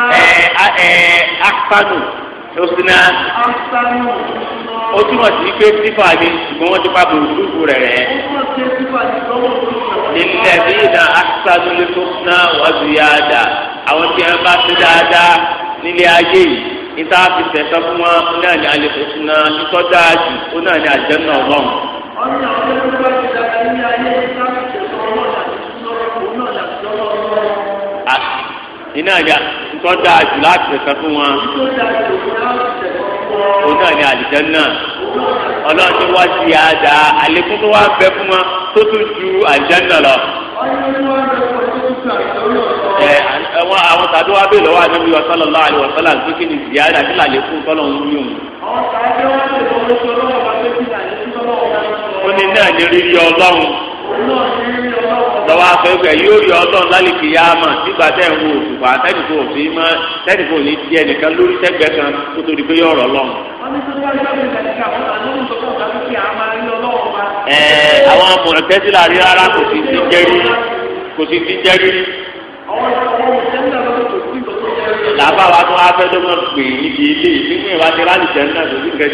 ẹ ẹ asanu lọ́sìnà. asanu lọ́sìnà. ó túmọ̀ sí pé sífà ni ṣùgbọ́n wọ́n ti pa bòlùkù rẹ̀ rẹ̀. ó túmọ̀ sí sífà ni lọ́wọ́ nílẹ̀bí iná akitadúlé tó ná wàzú yáadáa àwọn tí wọn bá ti dáadáa nílé ayé yìí níta fi tẹ̀sán fún wọn náà ní alẹ́ tó ná títọ́ dáa jù ó náà ní àjẹ́ náà wọ̀n. ọ̀nà àwọn tó ti dáadáa nílé ayé níta fi tẹ̀sán wọn náà lọ́wọ́ náà lọ́wọ́. iná ìjà dáa jù láti tẹ̀sán fún wọn òun náà ní àlìjẹ́nà ọlọ́run tí wọ́n ti àdá àlékún tó wá bẹ fún wọn tó tún ju àlìjẹ́nà lọ. ẹ àwọn àwọn tàbí wàá bèèrè lọ́wọ́ àdébí wa sọ́lọ́ lọ́wọ́ àlewọ̀ sọ́lá tó kí ni ziyada àti làlékún tọ́lọ̀ ń wí ó ní náà ní rírí ọlọ́run lọ́wọ́ afẹ́fẹ́ yóò yọ ọlọ́run lálẹ́kì yá mà nígbà tẹ̀ ń wo òṣùpá tẹ́nìkò òfin mọ́ tẹ́nìkò ní di ẹnìkan lórí tẹ́gbẹ́ kan kó tó di pé yọ̀rọ̀ lọ́run. ẹ̀ẹ́ àwọn ọmọọ̀rẹ́ tẹ́sílà rí rárá kò sì ti jẹ́rí kò sì ti jẹ́rí. làbá wa tó afẹ́ tó mọ̀ níbi ilé ìpínlẹ̀ wa ti rálì jẹ́ náà tó ti kẹ́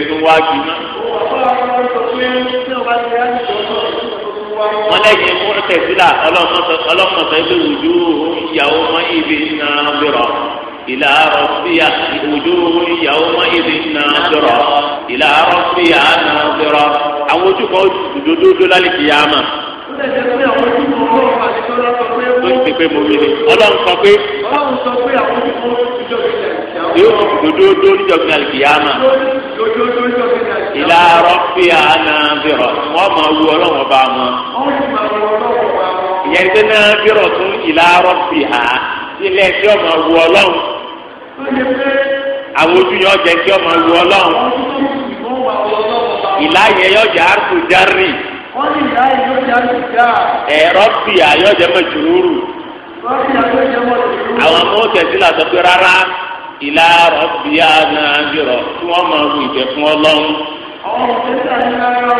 wọn lẹ́yìn múrùtẹ̀sílà ọlọ́mọ̀sán ilé ojú ìyàwó mọ́ ibi náà bẹ̀rọ̀ ìlà rọ̀bíyà ojú ìyàwó mọ́ ibi náà bẹ̀rọ̀ ìlà rọ̀bíyà náà bẹ̀rọ̀ àwọn ojú kan dòdòdó lálẹ́ kìyàmà tó pé mo pé. àwọn ojú kan dòdòdó yóò dododo níjọba alikiyama ìlà rọ́pìà náà bìrọ̀ wọ́n máa wu ọlọ́wọ́ bá wọn. ìyẹn tí náà bìrọ̀ tún ìlà rọ́pìà ilé ẹjọ́ máa wu ọlọ́wọ́. àwọn ojú yẹn ọjà ẹjọ́ máa wu ọlọ́wọ́. ìlà yẹn yọjà àrùkù járì. wọ́n ní ìlà yẹn yọjà àwọn ọmọ tẹ̀sílà sọ pé rárá. ìlà rọ̀bì ànájọrọ̀ tí wọ́n máa wù ìjẹ fún ọlọ́run. àwọn ìjẹ fún ni wọ́n máa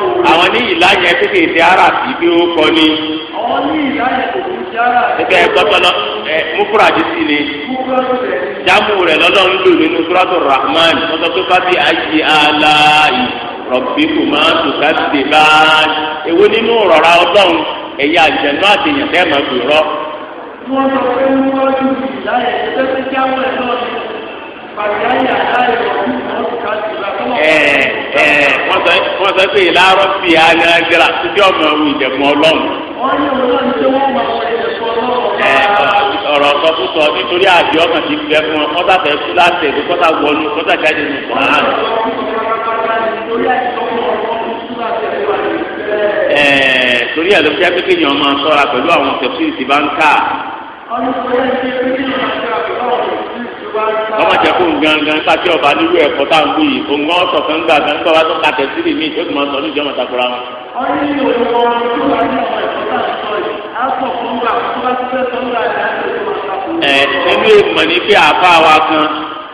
wò. àwọn ní ìlà yẹn ara sí bí ó ni. àwọn ní ìlà yẹn ara rẹ ẹgbẹ́ gbọ́dọ̀ ẹ rahman tọ́tọ́ tó bá ti rọ̀bì kò máa tó ká ti báyìí. nínú tí wọ́n sọ pé wọ́n wọ́n ju ìyá ẹ̀ lẹ́sẹ̀ tí àwọn ẹ̀ lọ sí pàṣẹ ayé àdá ẹ̀ lọ́dún wọn kà sí ìlàkọ́lọ́. ẹ ẹ wọ́n sọ wọ́n sọ pé ìlàrọ̀ fi àná gíra títí ọmọ òun ìjẹ̀kùn ọlọ́run. wọ́n ní ọlọ́run tí wọ́n máa wọ ìjẹ̀kùn ọlọ́run ọ̀rọ̀ sọ fún sọ nítorí àjọ ọkàn ti fẹ́ fún ọ kọ́tà fẹ́ kú láti ẹ̀dùn kọ́tà wọnú kọ́tà jáde nù kọ́ án. ẹ̀ẹ́ torí ẹ̀ ló fi akẹ́kẹ́ yẹn máa sọ́ra pẹ̀lú àwọn tẹ̀síìsì bá ń kà ọmọ jẹ kó gangan sáfì ọba nílùú ẹ̀kọ́ tá à ń wí òǹgàn ọsọ kan gbà kan gbà wá tó ka tẹ sílẹ̀ mí yóò sọ ní ìjọba takora wọn. wọn ní ìwé ọmọ ọdún wa ní ọmọ ìfọdà sọ yìí á sọ fún wa tó bá ti fẹ́ sọ ń gbà ní àjọyọ̀ wọn. ẹ ẹnu èèmọ̀ ni pé àbá wa kan.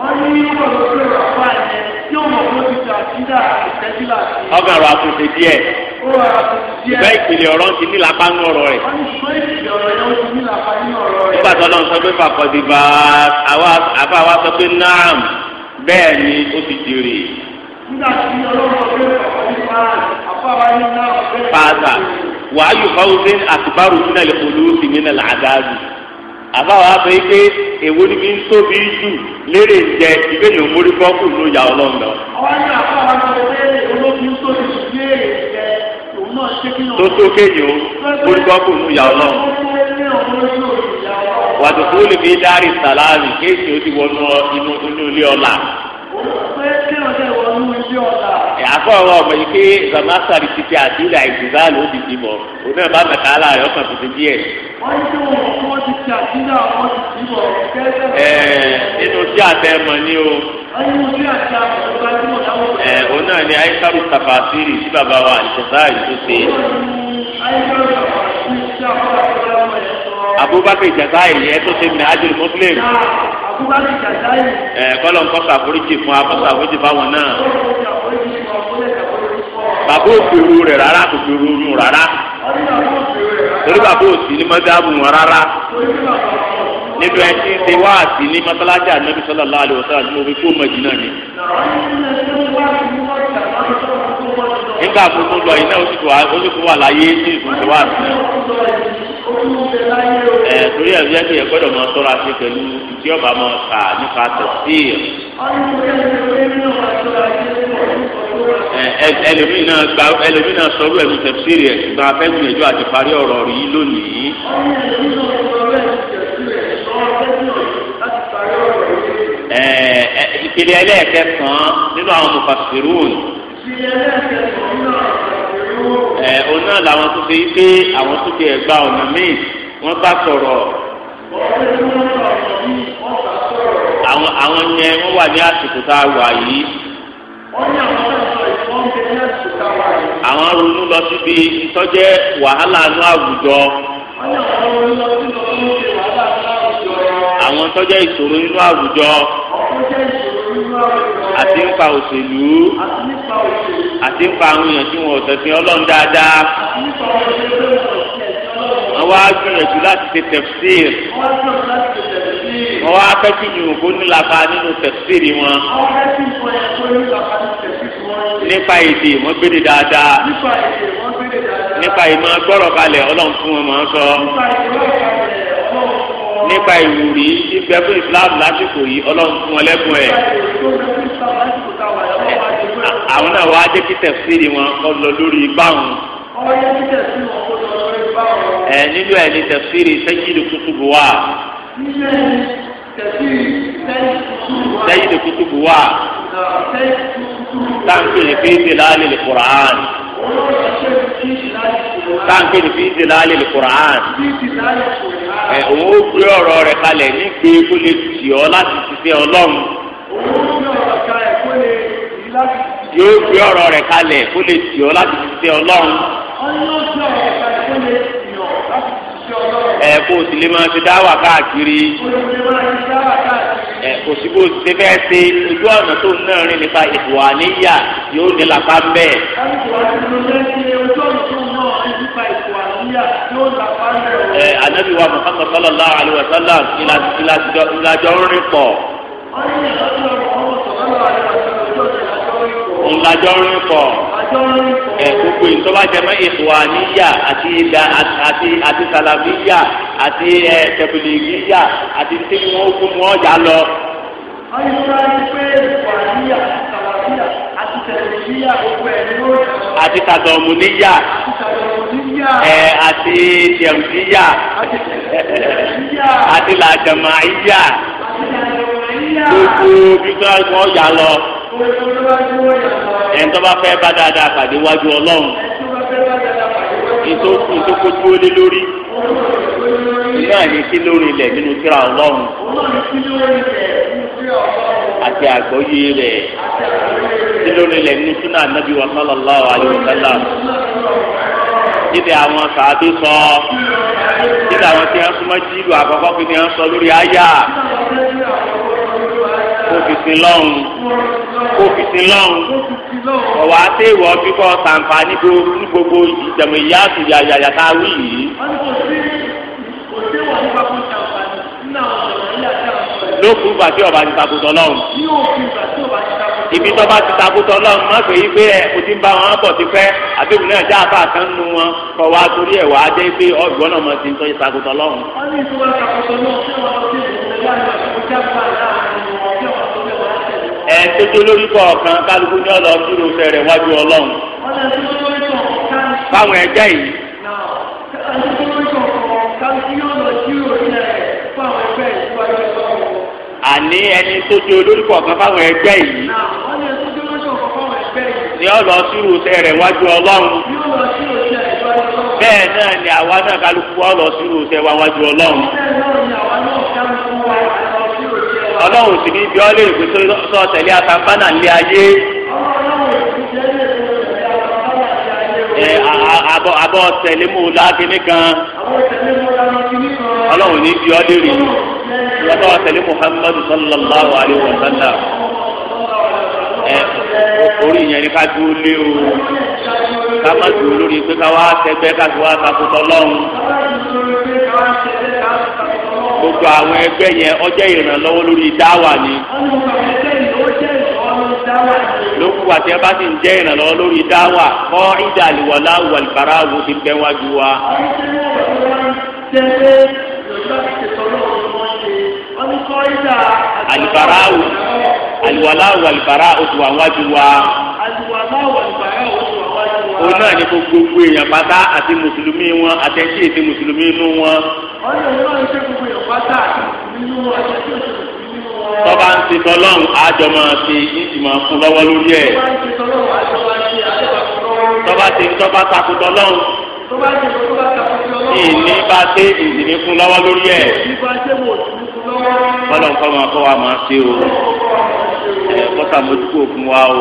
wọ́n ní nígbà tó ṣe rà fún àyẹ̀ yóò mọ̀ kó ti ta sídà ìtẹ́sílà sí. ọgbà rà àtúnṣe díẹ̀. ó rà àtúnṣe díẹ̀. ìgbà ìpìlẹ̀ ọ̀rọ̀ ti ní lápá ní ọ̀rọ̀ rẹ̀. wọ́n ní ṣùgbọ́n ìpìlẹ̀ ọ̀rọ̀ yẹn ó ti ní lápá ní ọ̀rọ̀ rẹ̀. nígbà tó lọ́n sọ pé fàkọ́dì bá àbá wa sọ pé náàm bẹ́ẹ̀ ni ó ti jèrè. nígbà tí ọlọ́run sọ pé fàkọ́dì bá àbá wa ní náàm bẹ́ẹ̀ àbáwá bẹ yí pé èwo ni mi ń tóbi jù lérè jẹ ìbéèrè òmórí bọ́ọ̀kù ló ya ọlọ́run lọ. ọwọ́ ní àbáwá bẹ pé olóògùn tóbi jù lérè jẹ òun náà ṣé kí ni. tó tó kéèyàn òmórí bọ́ọ̀kù ló ya ọlọ́run. wàtò kó lè fi dárí sàlámì kéèsì ó ti wọnú inú ilé ọlá afọ àwọn ọmọ yìí pé zamasari ti fi àdúrà ìdìbò àlọ́ òdì ti mọ̀ òun náà bá bàtà àlà rẹ̀ ọkàn tuntun díẹ̀. wọ́n ti wọ̀ wọ́n ti fi àdúrà wọ́n ti ti mọ̀ kẹ́sẹ̀. ẹ̀ẹ́ nínú tí àtẹ mọ̀ ni o. nínú tí àtẹ mọ̀ ló bá dúró láwọn. ẹ òun náà ni aisharu tafasiri tí bàbá wa àlùfáà yìí tó ṣe. aisharu tafasiri tí a kọ́ àkọ́kọ́ lọ́wọ́ yẹn abubakar jazairi ẹ tó ṣe ní ajul muslim. abubakar jazairi. ẹ kọlọ ń kọsà àforíjì fún akọsà àforíjì fáwọn náà bàbá òfìrú rẹ̀ rárá kò fi rú yún rárá torí bàbá òsì ní mọ́tàbù wọn rárá níbi ẹtí ṣe wá àti ní mọ́tàlájà nàbí sọ́lá láàlú ọ̀sán àti mo fi kó mọ̀jì náà ni. nígbà tó tó lọ iná oṣù tó wà láyé ní ìfúnṣe wà sí ẹ torí ẹ jẹ́ kí ẹ gbọ́dọ̀ máa tọ́ra sí pẹ̀lú tí ọba máa kà nípa tẹ̀síì ẹlòmíì náà gba ẹlòmíì náà sọ̀rọ̀ ẹnu tẹ̀síìrì ẹ̀ ṣùgbọ́n afẹ́gbìyànjú àti parí ọ̀rọ̀ rí lónìí. ìpele ẹlẹ́ẹ̀kẹsàn-án nínú àwọn mufasirun. òun náà làwọn tó fi pé àwọn tó fi ẹ̀gbá ọ̀nà míì wọ́n bá sọ̀rọ̀ àwọn yẹn wọ́n wà ní àsìkò tá a wà yìí. wọ́n ní àwọn àwọn ronú lọ síbi ìtọ́jẹ́ wàhálà inú àwùjọ àwọn tọ́jẹ́ ìṣòro inú àwùjọ àti ń pa òṣèlú àti ń pa àwọn èèyàn tí wọn ò tẹ̀sìn ọlọ́run dáadáa wọ́n wá gbìyànjú láti ṣe tẹ̀fsíìr wọ́n wá fẹ́ kí ìyìnbó nílàpá nínú tẹ̀fsíìr wọn nípa èdè wọ́n gbéde dáadáa nípa ìmọ̀ gbọ́rọ̀ balẹ̀ ọlọ́run fún wọn máa ń sọ nípa ìwúrí ìgbẹ́ fún Islam lásìkò yìí ọlọ́run fún wọn lẹ́kùn ẹ̀ àwọn náà wá jẹ́ kí tẹ̀síìrì wọn kọ́ lọ lórí báwọn ẹ nínú ẹ ní tẹ̀síìrì sẹ́yìn kútùbù wà sẹ́yìn kútùbù wà. táǹkì ní fi ti láàlì lè kùrán táǹkì ní fi ti láàlì lè kùrán ẹ òun ó gbé ọ̀rọ̀ rẹ̀ kalẹ̀ nígbè kó lè tì ọ́ láti ọ yóò gbé kó lè ẹ òsibó ṣe fẹ́ ṣe ojú ọ̀nà tó ń náà rìn nípa ìwà níyà yóò ní lápá ń bẹ̀. ẹ anabi wa muhammad sallallahu Alaihi wa sallam ìlàjọ ń rìn pọ̀. ìlàjọ ń rìn pọ̀ ẹ gbogbo ìtọ́bàjẹmọ́ ìtùwàníyà àti ìdá àti àti sàlàmíyà àti ẹ tẹ̀bìlìgíyà àti tí wọ́n kú mọ́ ọjà lọ. wọ́n yóò rà ní pé ìtùwàníyà sàlàmíyà àti tẹ̀bìlìgíyà gbogbo ẹ̀ ló. àti tàdọ̀mùníyà ẹ àti jẹ̀mùníyà àti làjẹ̀mọ̀ gbogbo bí wọ́n yà lọ ẹni tó bá fẹ́ bá dáadáa pàdé wájú ọlọ́run ìtòkòtò olè lórí náà ní kí lórí ilẹ̀ nínú kíra ọlọ́run àti àgbọ́yé rẹ̀ kí lórí ilẹ̀ nínú súnà nàbí wa sallallahu alaihi wasallam níbi àwọn sàádé sọ níbi àwọn tí wọ́n súnmọ́ jíìlù àkọ́kọ́ pé ní wọ́n sọ lórí àyà kó fi sin lọ́hùn kó fi sin lọ́hùn ọ̀wá àti ìwọ fífọ́ tàǹfà ní gbogbo ìjẹ̀mọ̀ ìyá àti yàyàyà tá a wí yìí. lókùn ìgbà tí ọba ti takùtọ̀ lọ́hùn. ibi tó bá ti takùtọ̀ lọ́hùn má pé yí pé ẹ̀ kò ti ń bá wọn bọ̀ ti pẹ́ àbẹ̀wò náà já àbá kan nu wọn kọ̀ wá torí ẹ̀ wá dé pé ọ̀gbọ́n náà mọ̀ ti ń tọ́ ìtakùtọ̀ lọ́hùn. wọ́n ní ìtura takùtọ̀ náà ṣé wọ́n ti ń bọ̀ wá ní ẹ̀ tó tó lórí kọ̀ọ̀kan kálukú ní ọ̀lọ́ dúró fẹ́rẹ̀ wájú ọlọ́run. báwọn ẹja yìí. àní ẹni tó tó lórí kọ̀ọ̀kan báwọn ẹja yìí ni ọ lọ sírù sẹ rẹ wájú Ọlọ́run bẹ́ẹ̀ náà ni àwa náà kálukú ọ lọ sírù sẹ wá wájú Ọlọ́run ọlọ́run sì ní ibi ọ́ lè gbé sọ tẹ̀lé atanfánà lé ayé. àbọ̀ àbọ̀ tẹ̀lé mú un lákìní kan ọlọ́run ní ibi ọ́ lè rí lọ́tọ́ tẹ̀lé muhammadu sallallahu alayhi wa sallam orí yẹn ni ká dúró lé o ká má dúró lórí pé ká wá tẹgbẹ́ ká tó wá takò tọ́lọ́run àwùjọ àwọn ẹgbẹ́ yẹn ọjọ́ ìrànlọ́wọ́ lórí dáwà ni. lókùwà tí ẹ bá ti ń jẹ́ ìrànlọ́wọ́ lórí dáwà kọ́ ìdá àlìwọ̀lá wo ti bẹ́ wájú wa. àlìbárà wo àlìwọ̀lá wàlìbárà o ti wà wájú wa. àlìwọ̀lá wàlìbárà òun náà ni gbogbo èèyàn pátá àti mùsùlùmí wọn àtẹ̀sí ètè mùsùlùmí inú wọn. tọ́ba ń ti tọ́lọ́hún àjọ máa ti ń sì máa fún lọ́wọ́ lórí ẹ̀. tọ́ba ti ń tọ́ba takò tọ́lọ́hún. ìní bá dé ìdìní fún lọ́wọ́ lórí ẹ̀. bọ́lá nǹkan máa kọ́ wa máa ṣe o ẹ̀ kọ́ta mójúkò fún wa o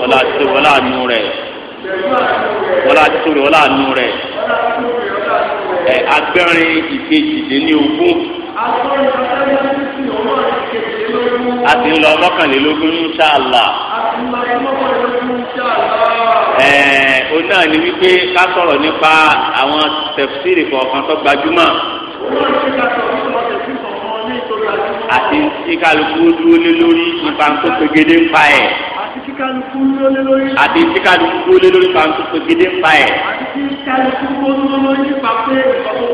wọ́lá àti wọ́lá àánú rẹ̀ wọlá títú rẹ̀ wọlá àánú rẹ̀ ẹ agbẹ́rin ìkejìléní ogún a ti ń lọ mọ́kànlélógún inṣàlá ẹ o náà ni wípé ká sọ̀rọ̀ nípa àwọn tẹ̀fsírì kọ̀ọ̀kan tó gbajúmọ̀ àti tí dúró lé lórí nípa tó pegedé ń pa ẹ̀ kálukú ló lé lórí. àti tí kálukú ló lé lórí pàǹtí pègede ń pa ẹ̀. àti tí kálukú ló lé lórí pàǹtí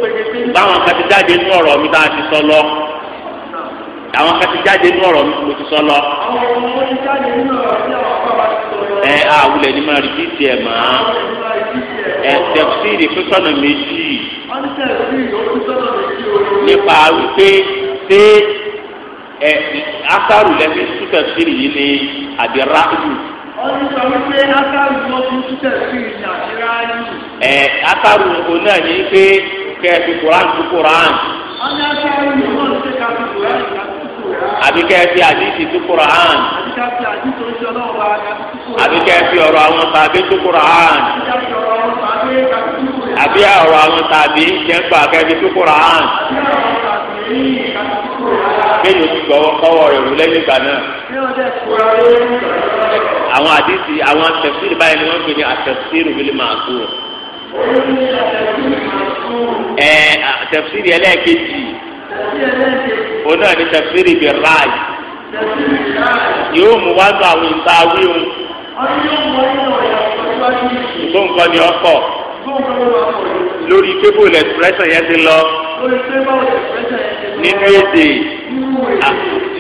pègede. báwọn kan ti jáde nínú ọ̀rọ̀ mi tá a ti sọ lọ. àwọn kan ti jáde nínú ọ̀rọ̀ mi mo ti sọ lọ. àwọn ọmọ wọn ti jáde nínú ọ̀rọ̀ mi àwọn ọmọ wa ti sọ lọ. ẹ àwùlẹ̀ ni máa rí bí tiẹ̀ mọ́. ẹ tẹ̀síìrì fún sọ́nà méjì. wọ́n ti tẹ̀síìrì ó fún sọ́nà méjì ẹ asaru lẹbi sútẹ sírì yìí ni àbí ráàlù. ọdún sọ wípé asaru ló fi sútẹ sírì ní àbí ráàlù. ẹ asaru òun náà ní pé kẹfì kuran tu kuran. ọdún asaru ló mọ̀ ní ká fi kuran ká fi kuran. àbí kẹfì àdìsí tu kuran. àbí fi kuran. àbí kẹfì ọ̀rọ̀ àwọn tàbí àwọn tàbí fi kuran. àbí ọ̀rọ̀ àwọn tàbí jẹ́ pàkẹ́fì fi kuran kéèyàn ti gbọ́ kọ́wọ́ rẹ̀ òun lẹ́yìn ìgbà náà. àwọn àdìsí àwọn àtẹ̀síìrì báyìí ni wọ́n ń pè ní àtẹ̀síìrì bíi máa tó. ẹ àtẹ̀síìrì ẹlẹ́ẹ̀kejì òun náà ní tẹ̀síìrì bíi ráì yóò mú wá lọ àwọn ìta wíwù. tó nǹkan ni ọkọ̀ lórí kébùlù ẹ̀sìpírẹ́sì yẹn ti lọ. lórí kébùlù ẹ̀sìpírẹ́sì nínú èdè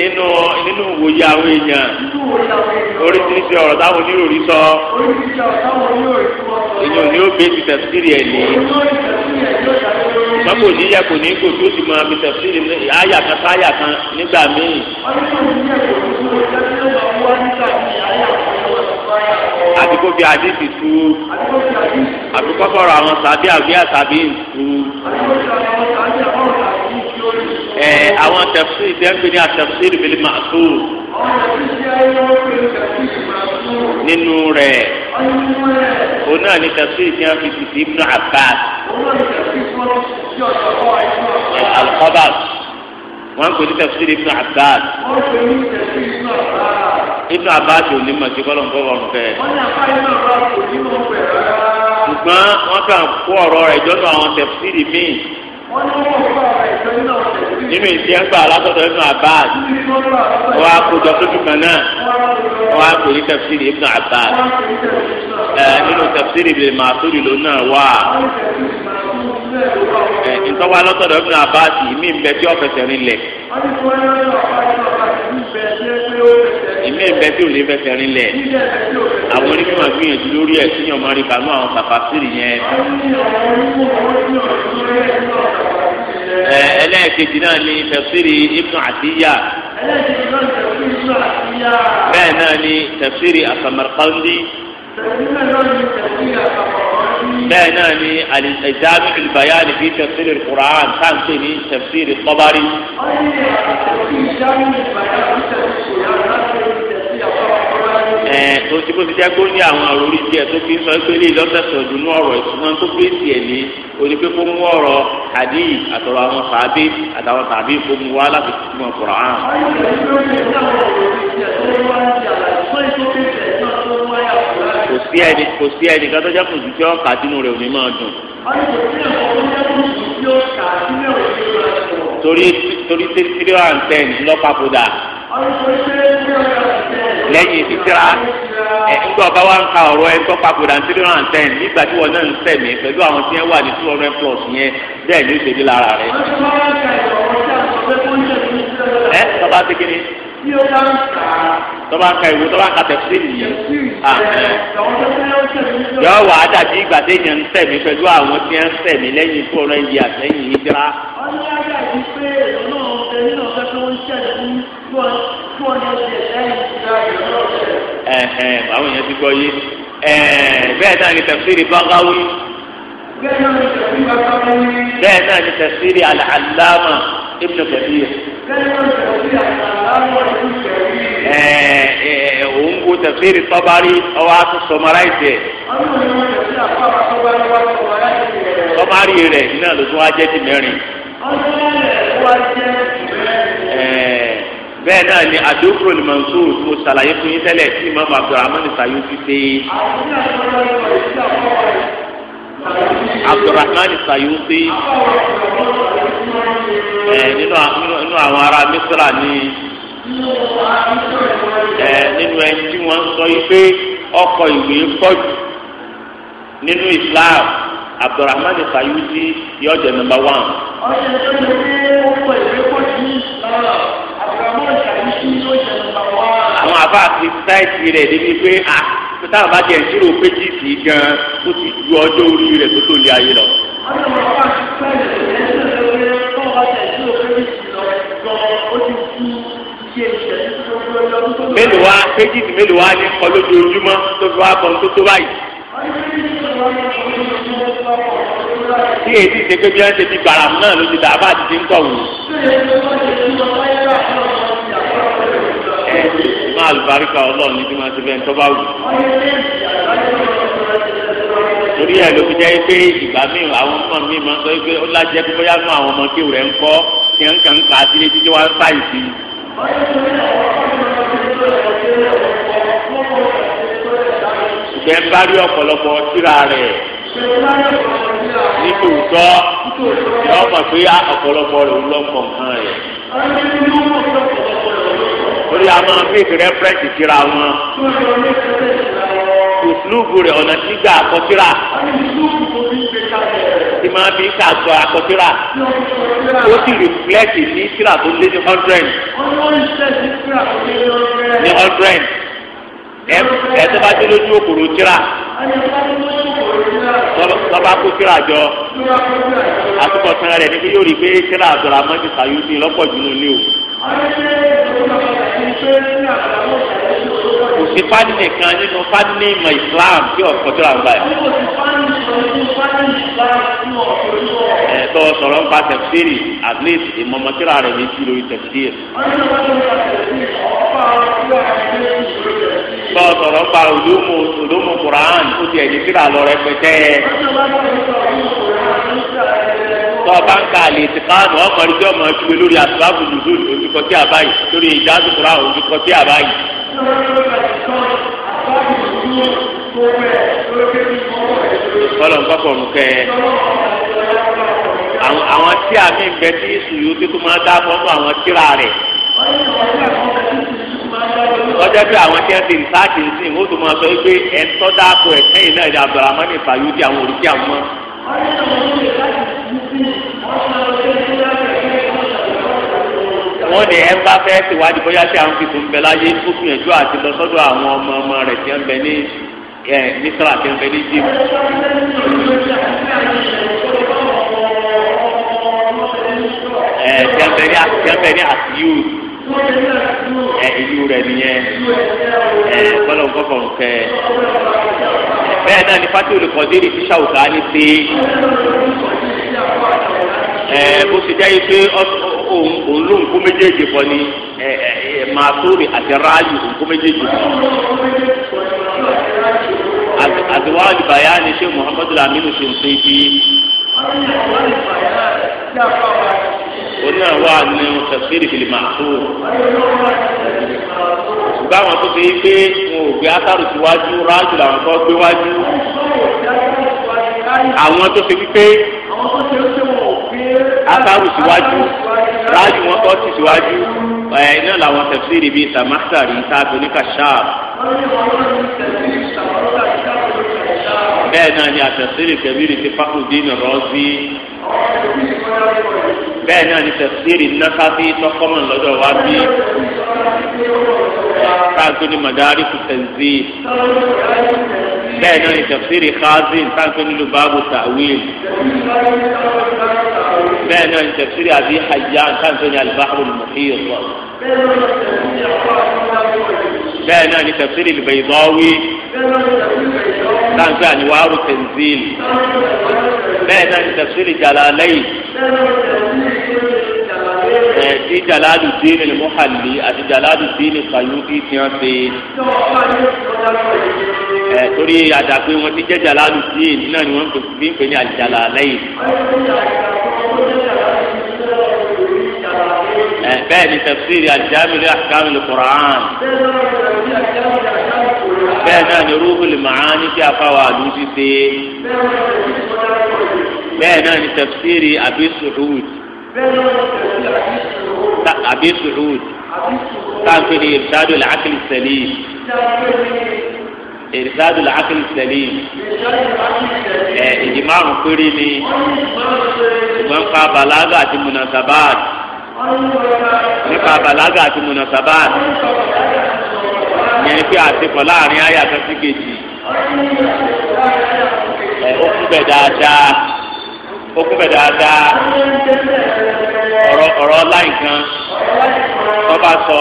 nínú nínú ìwòye àwọn èèyàn oríṣiríṣi ọ̀rọ̀ táwọn oníròrí sọ èèyàn ni ó gbé ti tẹ̀síìrì ẹ̀ ní mọ́kò níyà kò ní kò tó ti mọ àmì tẹ̀síìrì àyà kan sáyà kan nígbà míì. àdìgbò bíi àdìsí tu àdìgbò kọ́kọ́rọ̀ àwọn sàbí àbí àsàbí tu ẹ àwọn tẹfsir ìdẹ́gbẹ́ ní àtẹfsir ìbílẹ̀ màtó nínú rẹ̀ òun náà ní tẹfsir ìdí àfi tìtì Ibn Abbas al-Khabat wọn kò ní tẹfsir Ibn Abbas Ibn Abbas ò ní màtí bọ́lọ̀ ń bọ̀ wọ́n fẹ́ ṣùgbọ́n wọ́n kàn kó ọ̀rọ̀ rẹ̀ jọ́nà àwọn tẹfsir míì nínú ìdíyàgbà alásọ̀tọ̀ ibn abbas wọ́n á kó dọ́kítù kan náà wọ́n á kó ní tafsiri ibn abbas nínú tafsiri ibn masudi ló náà wà ntọ́wá lọ́sọ̀tọ̀ ibn abbas mi ń bẹ tí ọ̀fẹ́sẹ̀ rin lẹ̀. ìmí ẹ̀bẹ tí ò lè fẹsẹ̀ rin lẹ̀ àwọn onímọ̀ gbìyànjú lórí ẹ̀ síyàn máa rí kanú àwọn bàbá sírì yẹn. e ẹlẹ́ẹ̀kejì náà ni tafsiri ibun àtiyá bẹ́ẹ̀ náà ni tafsiri asamarkandi bẹ́ẹ̀ náà ni alìjáàmì ni tẹ̀síìrì tafsiri Qur'an táǹkì ní tafsiri Tabari. ẹ̀ tó ti bó ti jẹ́ kó ní àwọn àròrí tiẹ̀ tó fi ń sọ pé lè lọ́sẹ̀sẹ̀ dùnú ọ̀rọ̀ ìsúná tó pé tiẹ̀ ní oní pé kó mú ọ̀rọ̀ àdí àtọ̀rọ̀ àwọn sàábé àtàwọn sàábé kó mú wá láti túmọ̀ kọ̀rọ̀ hàn. kò sí ẹni kò sí ẹni ká tó jẹ́ kò sí tí ọ̀kà sínú rẹ̀ ò ní máa dùn. torí torí tí tírí wà ń tẹ̀ ní lọ́pàá kó dà lẹ́yìn ìdíjìrá ẹ̀ ńgbọ́ bá wá ń ka ọ̀rọ̀ ẹ̀ ńgbọ́ papòdà ní three hundred and nígbà tí wọn náà ń sẹ̀mí pẹ̀lú àwọn tí wọ́n wà ní two hundred plus yẹn bẹ́ẹ̀ ni ṣe dé lára rẹ̀. ẹ tọ́ba ti kiri. tọ́ba ń ka ìwé tọ́ba ń ka tẹ̀sí nìyí. yọ wà á dàbí ìgbà tí èèyàn ń sẹ̀mí pẹ̀lú àwọn tí wọ́n ń sẹ̀mí lẹ́yìn two hundred yìí àtẹ̀yìn ìdíjìrá. ọ ní àgbà yìí pé ọlọ́run ẹ̀hẹ̀n àwọn èèyàn ti gbọ́ yé bẹ́ẹ̀ náà ni bẹ́ẹ̀ náà ni òun kò ọwọ́ àti sọmaráìsì ẹ̀ rẹ̀ ló tún wá jẹ́ ti mẹ́rin. bẹ́ẹ̀ náà ni àdókòrò ni mansour mo ṣàlàyé fún yín tẹ́lẹ̀ tí imam abdulrahman sayo ti dé. abdulrahman sayo dé ẹ nínú nínú àwọn ará misra ni ẹ nínú ẹni tí wọ́n sọ yìí pé ọkọ̀ ìwé pọ̀jù nínú islam abdulrahman sayo dé yọjọ nọ́mbà one. ọ̀sẹ̀ tó ń gbé ọkọ̀ ìwé pọ̀jù ní islam àwọn àbá àti sáìtì rẹ̀ níbi pé à táwọn bá jẹ ìṣirò péjì sí gan ó ti ju ọjọ́ orí rẹ̀ tó tó lé ayé lọ. mélòó wa péjì mélòó wa ní kọ lójoojúmọ́ tó fi wá bọ̀ tó tó báyìí. tí èyí ti ṣe pé bí wọ́n ṣe ti gbàrà náà ló ti dà bá àti ti ń kọ̀ wò máa lùbáríkà ọlọ́run ní bí máa ti bẹ́ẹ̀ tó bá wù. torí ẹ̀ ló fi jẹ́ pé ìgbà míì àwọn ọmọ mi máa ń sọ pé ó lájẹ́ pé bóyá nú àwọn ọmọ kéwù rẹ̀ ń kọ́ kí n kàn ń sílé títí wá sáì sí i. bá rí ọ̀pọ̀lọpọ̀ síra rẹ̀ nítòótọ́ yọ ọmọ pé ọ̀pọ̀lọpọ̀ rẹ̀ ń lọ́kọ̀ọ̀kan rẹ̀ orí àwọn fíìkì rẹ́fẹ́rẹ́ǹsì síra wọn ìsúlùbù rẹ̀ ọ̀nà tí gbà àkọsíra tí máa fi kàṣọ àkọsíra ó sì rìflẹ́tì ní síra tó lé ní hundred ní hundred ẹ tó bá dé lójú òkòrò síra lọ́ba kó síra jọ àtúbọ̀tán rẹ̀ ní pé yóò rí pé síra àdọ̀rà mọ́tì sàyóòtì lọ́pọ̀ jùlọ ní o. kò sí fáńdì kan nínú fáńdì ìmọ̀ Islam tí ọ̀pọ̀ tó àgbà yìí. ẹ̀tọ́ sọ̀rọ̀ ń pa at least ìmọ̀mọ́tìrà rẹ̀ méjì lórí tẹ̀síìrì. tọ́ sọ̀rọ̀ ń pa olómù ti lọ tọ́ba ń ka àlè ti káànù ọkùnrin tí ọmọ ìṣúwé lórí àtúbàbù nùdùn ojúkọ sí àbáyé lórí ìjáàdù kura ojúkọ sí àbáyé. kọ́lọ̀ ń kọ́kọ́ ọ̀run kẹ́ ẹ àwọn tí a mi bẹ tí sùúrù tí tó máa dá fọ́nù àwọn tíra rẹ̀ lọ́jọ́ pé àwọn tí wọ́n ti rìsáàtì sí ìwọ́n tó máa sọ pé ẹ̀ tọ́ dáàbò ẹ̀sìn yìí náà ní Abdulrahman Fayudi àwọn òrùkí mọ́ wọ́n ní ẹ ń bá fẹ́ tìwádìí bóyá tí àwọn fìfún ń bẹ láyé ó fi ẹ̀jọ́ àti lọ sọ́dọ̀ àwọn ọmọ ọmọ rẹ̀ tí ń bẹ ní ẹ̀ nísàlà tí ń bẹ ní jíìmù. ẹ̀ tí ń bẹ ní tí ń bẹ ní àtìyù ẹ̀ ìlú rẹ̀ nìyẹn ẹ̀ bọ́lọ̀ gbọ́kọ̀ nkẹ́ bẹ́ẹ̀ náà ní pátí olùkọ́dé ní tíṣà òkà ní sí bó ṣe jẹ́ pé òun ló ń kó méjèèjì pọ̀ ni màá sórí àti ráàyè òun kó méjèèjì pọ̀. àdìwájú bàyá ni ṣé muhammadu laminu ṣe ń pín bí. oní àwọn àni tẹ̀síìrì fìlì màá tó. ṣùgbọ́n àwọn tó ṣe é pé wọn ò síwájú ráàyè làwọn kan gbé wájú. àwọn tó ṣe wípé. àwọn tó ṣe wípé asáwù síwájú ráàyù wọn kọ́ sí síwájú ẹ̀ iná làwọn tẹ̀síìrì bíi sàmáṣàrí sáàbù ní kàṣáà. bẹ́ẹ̀ náà ni àtẹ̀síìrì kẹ́bíìrì ti fákùndínì rọ́ọ̀sì bẹ́ẹ̀ náà ni tẹ̀síìrì násábì tọkọ́mọ̀ lọ́dọ̀ wá bí táàgbé ni madari kù tẹ̀sí náà ni tẹ̀síìrì káàzín táàgbé ni lubabu tàwíl bẹ́ẹ̀ náà ní tafsiri àbí Hayyan káńtó ní al-Bahrul Muhit lọ. bẹ́ẹ̀ náà ní tafsiri al-Baydawi káńtó Anwarut Tanzil. bẹ́ẹ̀ náà ní tafsiri Jalalayn ti jalalu diini muhalli àti jalalu diini sayuti tiɲɛ se ɛ torí adagbe wọn ti jẹ jalalu diini náà ni wọn fi ń pè ní alijalaalayi فهم تفسير الجامع لأحكام القرآن فهم روح المعاني في أفوادوس فهم تفسير أبي سعود أبي سعود كان في إرشاد العقل السليم إرشاد العقل السليم إجماع قرني ومن قابلاغة المناسبات nípa bàlágà àti munasabat yẹn pé àtikọ̀ láàrin àyà kan sí kejì ẹ ó kún bẹ̀ dáadáa ó kún bẹ̀ dáadáa ọ̀rọ̀ ọ̀rọ̀ láì kan tọ́ba sọ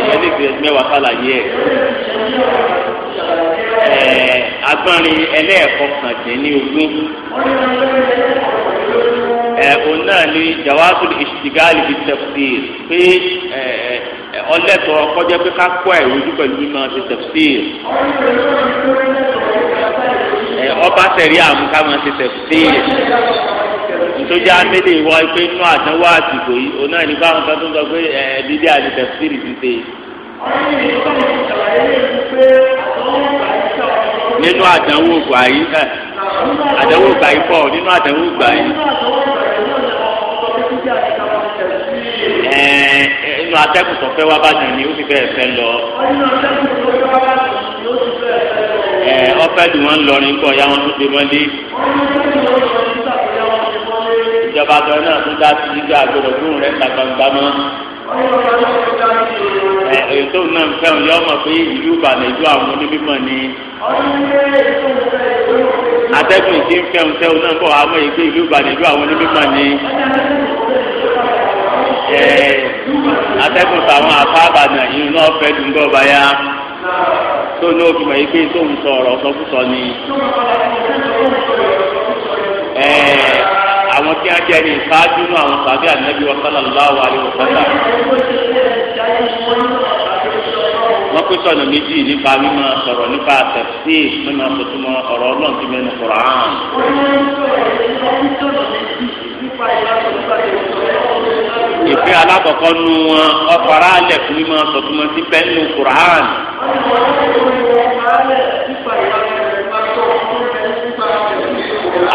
èyàn lè fi mẹ́wàá sàlàyé ẹ̀ ẹ̀ agbọ́nrin ẹlẹ́ẹ̀kọ́ kàn dín ní ogún ẹ òun náà ni jawaasul ishtigali bi tafsir pé ẹ ẹ ọlẹ́tọ̀ kọjá pé ká kọ́ ẹ̀ ojú pẹ̀lú mímọ́ ti tafsir ẹ ọba tẹ̀rí àmúkámọ́ ti tafsir ìtòjá amẹ́lẹ̀ ìwọ pé inú àdánwò àsìkò yìí òun náà ní báwọn kan tó ń sọ pé ẹ dídí àti tafsir ti dé. nínú àdánwò gbà yìí àdánwò gbà yìí pọ̀ nínú àdánwò gbà yìí inú atẹ́kùn tó fẹ́ wá bá jẹ̀ ni ó ti fẹ́ fẹ́ lọ. ọ̀fẹ́ dùn wọ́n lọrin kọ́ ya wọn tó dé mọ́lé. ìjọba gan náà tó dá sí ìjọ àgbẹ̀rẹ̀ fún rẹ̀ ta gbangba mọ́. ètò náà fẹ́ràn yọ ọmọ pé ìlú ìbàdàn ìlú àwọn onímọ̀ ni. atẹ́kùn ìdí ń fẹ́ràn tẹ́wọ́ náà bọ̀ àwọn ìgbé ìlú ìbàdàn ìlú àwọn onímọ̀ ni. atẹ́kùn táwọn afáàbà náà yìí náà fẹ́ dùn bọ́ bá yá tó ní òfin mọ̀ yìí pé tó ń sọ ọ̀rọ̀ ni àwọn tí a jẹ́ ní ìsáájú náà àwọn sàbí ànábi wa sallallahu alaihi wa sallam wọ́n pín sọ̀nà méjì nípa mímọ sọ̀rọ̀ nípa tẹ̀sí mímọ ọ̀rọ̀ ti mẹ́nu ìpín alákọ̀ọ́kọ́ nu wọn ọ̀fọ̀rá alẹ̀ fún mímọ́ sọ̀túnmọ́ sí bẹ́ẹ̀nu Qur'an.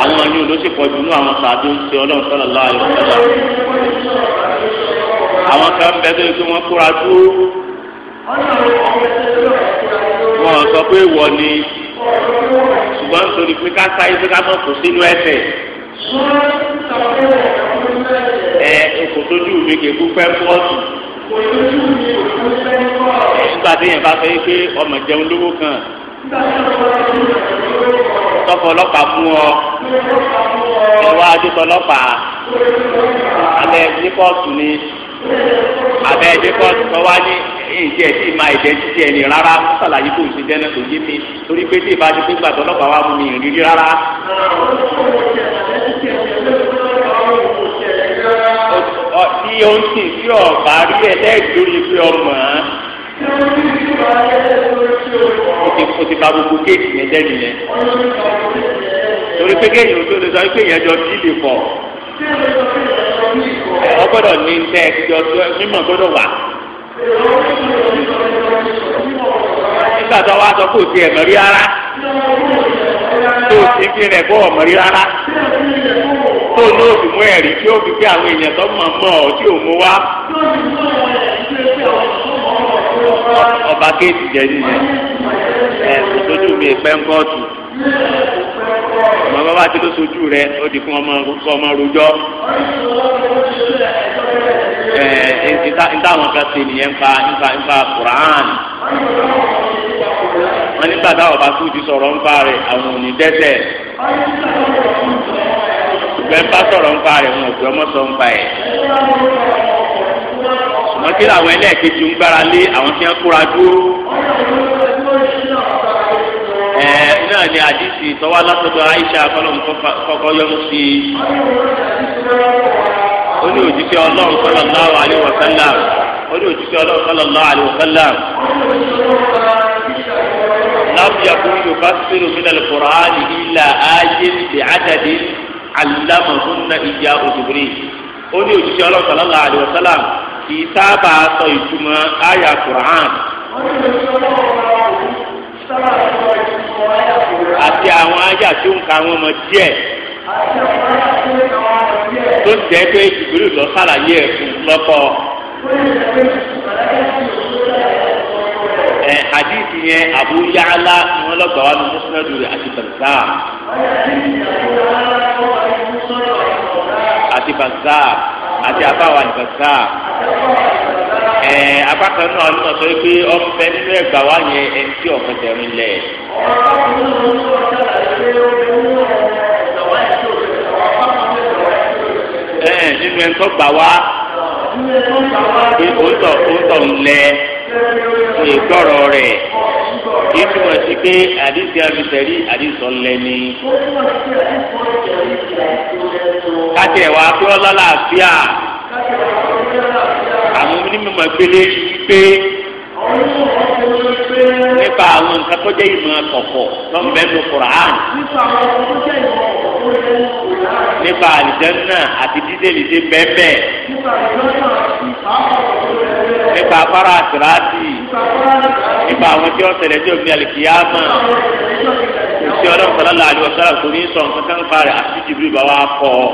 àwọn yìí ló sì pọ̀ jù nú àwọn sàdó ń ṣe ọlọ́run sọ̀rọ̀ láàyò sọ̀rọ̀. àwọn kan bẹ tó kí wọ́n kóra dúró. wọ́n sọ pé wọ́n ni ṣùgbọ́n nítorí pé ká sáyé pé ká mọ̀ kó sínú ẹsẹ̀ sójú mi kì í kú fẹ́ pọ́ọ̀tù. nígbà tí yẹn bá fẹ́ pé ọmọ jẹun lówó kan tọkọ ọlọ́pàá fún ọ ẹwà adétọ ọlọ́pàá abẹ́ ẹbí kóòtù ni abẹ́ ẹbí kóòtù kọ wá ní ìjẹ tí ma ìjẹ títí ẹni rárá sàlàyé kò sí dẹ́nà kò yé mi torí pé tí ìbá ti pé gbàtọ́ ọlọ́pàá wà mú mi ìrírí rárá. tí o ń sìn sí ọ̀bà rí ẹlẹ́rìí lórí pé ọmọ á. o ti o ti ba gbogbo kéèkì yẹn dẹ́nu yẹn. torí pé kéèyàn tó lè sọ pé ìyẹn jọ díìlì pọ̀. ọ gbọ́dọ̀ ní tẹ́ ẹ ti jọ mímọ̀ gbọ́dọ̀ wà. nígbà tó wá sọ kò tiẹ̀ mọ̀ rí rárá. tó o ti fi rẹ̀ bọ́ ọ̀ mọ̀ rí rárá tó ní òbí mú ẹ̀rí tí ó fi pé àwọn èèyàn tó mọ̀ mọ́ ọ tí ò mú wá. ọba kéètì jẹ nìyẹn ẹ òṣojú mi pẹ́ńkọ́ọ̀tù ọmọ bàbá tí ló sojú rẹ ó di fún ọmọ ọmọ rojọ́ ẹ ntàwọn kan ṣe nìyẹn nípa nípa nípa Quran wọn nígbà táwọn bá tún ti sọ̀rọ̀ nípa rẹ àwọn ò ní dẹ́ṣẹ̀ gbogbo ẹ̀ ń bá sọ̀rọ̀ ń pa rẹ̀ wọn ò gbé ọmọ sọ ń pa ẹ̀. ṣùgbọ́n kí làwọn ẹlẹ́ẹ̀kejì ń gbára lé àwọn tí wọ́n kóra dúró. ẹ̀ náà ni àdìsí tọ́wọ́ alásọ̀dọ̀ Aisha kọ́kọ́ yọnu sí i. ó ní òjijì ọlọ́run sallallahu alaihi wasallam ó ní òjijì ọlọ́run sallallahu alaihi wasallam lam yakun yufasiru min al-Qur'ani illa ayin bi adadin alámọ̀húnná ìyá òjòbìrì ó ní òjijì ọlọ́sọ̀lọ́lá àdìọ́sálà kì í sábà sọ ìtumọ̀ àyà kùrán. àti àwọn àyà tó ń ka wọn mọ díẹ̀ tó jẹ́ pé ìgbèrú lọ sàlàyé ẹ̀ fún ẹ hadithi yẹn abu yaala ni wọn lọ gbà wá ní musnadu rẹ àti bàtà àti bàzà àti àbáwá ní bàzà ẹ abákan náà ló sọ pé ọmọbẹ nínú ẹgbà wá yẹn ẹni tí ọmọ tẹrin lẹ. ẹ nínú ẹni tó gbà wá òótọ́ òótọ́ ńlẹ ìgbọ́rọ̀ rẹ̀ kìí fi wọn sí pé àdìsí abisẹ̀rí àdìsọ lẹ́ni. káti ẹ̀ wá pé ọlá làáfíà àwọn onímọ̀ gbélé pé nípa àwọn nǹkan tó jẹ́ ìmọ̀ ọ̀pọ̀ lọ́nbẹ́nu Qur'an nípa àlìjẹ́nà àti dídèlì dé bẹ́ẹ̀ bẹ́ẹ̀ nípa afárá àtìrásì nípa àwọn tí ó ṣẹlẹ̀ tí ó fi àlìkìyà mọ̀ òsì ọlọ́run sọlọ́lá àlè ọ̀sọ́lá kò ní sọ nǹkan kan parẹ́ àti jìbìrì bá wa kọ́ ọ.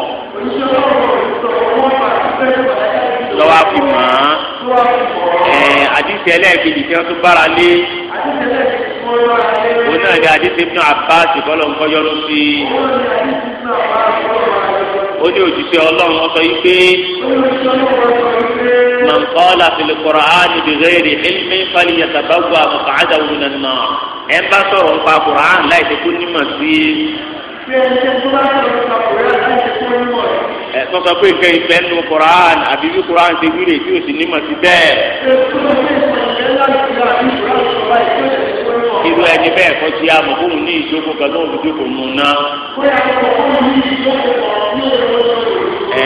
lọ́wọ́ a fi mọ̀ ẹ́ àdìsí ẹlẹ́ẹ̀kejì tí wọ́n tún bára lé òun náà ní àdìsí ibùdó àbá àti bọ́lọ̀ ńkọ́ yọrọ sí i ó ní òjijì ọlọ́run ọ̀sọ́ yìí pé man qala fil Qur'ani bi ghairi ilmin falyatabawwa maq'adahu minan nar ẹ̀ bá sọ̀rọ̀ nípa Qur'an láì ṣe kó nímọ̀ sí ẹ sọsọ pé nǹkan ìfẹ́ nu Quran àbí bí Quran ṣe wílé tí o sì nímọ̀ sí bẹ́ẹ̀. irú ẹni bẹ́ẹ̀ kọ́ sí amọ̀ fóun ní ìjókòó kan náà fi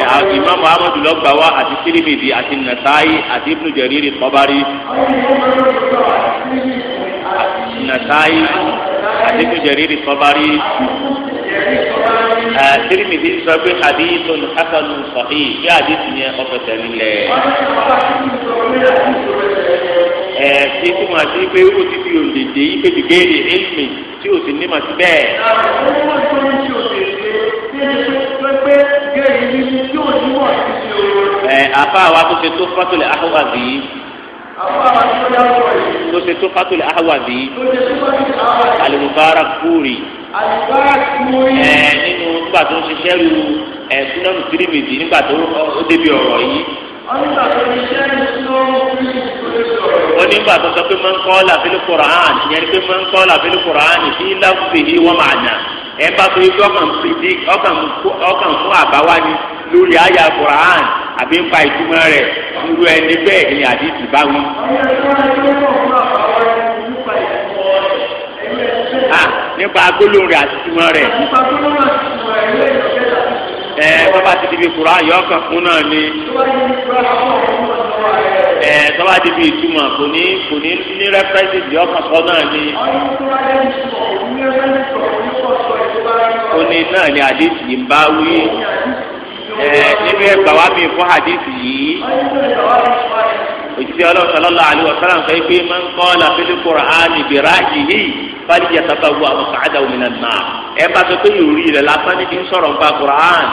Imam Muhammadu lọ́gbà wa àti Tirmidhi àti Nasa'i àti Ibn Jarir Tabari Nasa'i àti Ibn Jarir Tabari Tirmidhi sọ pé hadithun hasanun sahih bí hadith yẹn ọ̀fẹ́ tẹ̀lé lẹ̀ ẹ̀ ṣe tí mo àti pé ó ti fi òǹdèdè yí pé dìgbèrè ẹ̀mí tí o sì ní màsí bẹ́ẹ̀ pé gẹ̀ẹ́yì ni yóò níwọ̀ sí i o. ẹ àfa wa tó ṣe tó fátólẹ̀ ahawa bì í. àfa wa tó yà wọ̀ yìí. tó ṣe tó fátólẹ̀ ahawa bì í. tó ṣe tó fátólẹ̀ ahawa bì í. alùbárà kúrì. alùbárà kúrì. ẹ nínú nígbà tó ń ṣiṣẹ́ ru ẹ súnámù tìrìmìtì nígbà tó ó débi ọ̀rọ̀ yìí. onígbà tó ń ṣiṣẹ́ ru súnámù tìrìmìtì onígbà tó sọ pé máa ń kọ́ ọ́ làbílẹ̀ pé máa ń kọ́ ọ́ làbílẹ̀ kùrán ìdí wọ́n máa nà. ẹ bá tó yẹ kí ọkàn fìdí ọkàn ọkàn fún àbáwáni lórí àyà Quran àbí ń pa ìtumọ̀ rẹ̀ irú ẹni bẹ́ẹ̀ ni àdìsí bá wí. nípa gbólóhùn rẹ̀ àti ìtumọ̀ rẹ̀ ẹ bàbá ti di bi Quran yọ ọkàn fún náà ni ẹ tọ́ba ti di ìtumọ̀ kò ní kò ní ní rẹ́pẹ́sì yọ ọkàn fún náà ni. oní náà ni àdéhùn yìí ń bá wí nínú ẹgbàá wa mi fún àdéhùn yìí òjijì ọlọ́run sọlọ́lá àlùwọ̀ sọ́lá ń sọ pé máa ń kọ́ làfẹ́lẹ́ kóra á níbi ráàyè yìí fàlíjì àtàkà wo àwọn sàádà omi náà ẹ bá sọ pé ìròrí rẹ lásán níbi ń sọ̀rọ̀ nípa Qur'an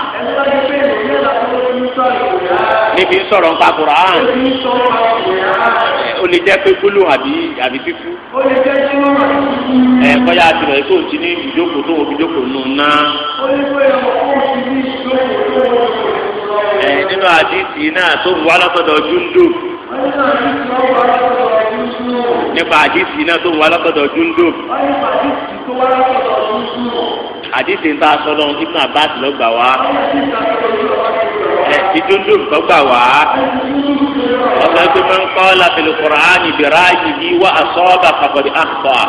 níbi ń sọ̀rọ̀ nípa Qur'an ó lè jẹ́ pé gbólóhùn àbí àbí fífú. ó lè jẹ́ gbólóhùn àbí ẹ kọjá àti rẹ̀ tó ti ní ìjókòó tó fi jókòó nù ná. ẹ nínú àdìsí náà tó wà látọ̀dọ̀ dúndú nípa àdìsí náà tó wà látọ̀dọ̀ dúndú. àdìsí ń ta aṣọ lọ Ibn Abbas ló gbà wá ìdúndú gbọ́gbà wá. ọ̀sán tó máa ń kọ́ la fil Qur'ani bi ra'yihi wa asaba faqad akhta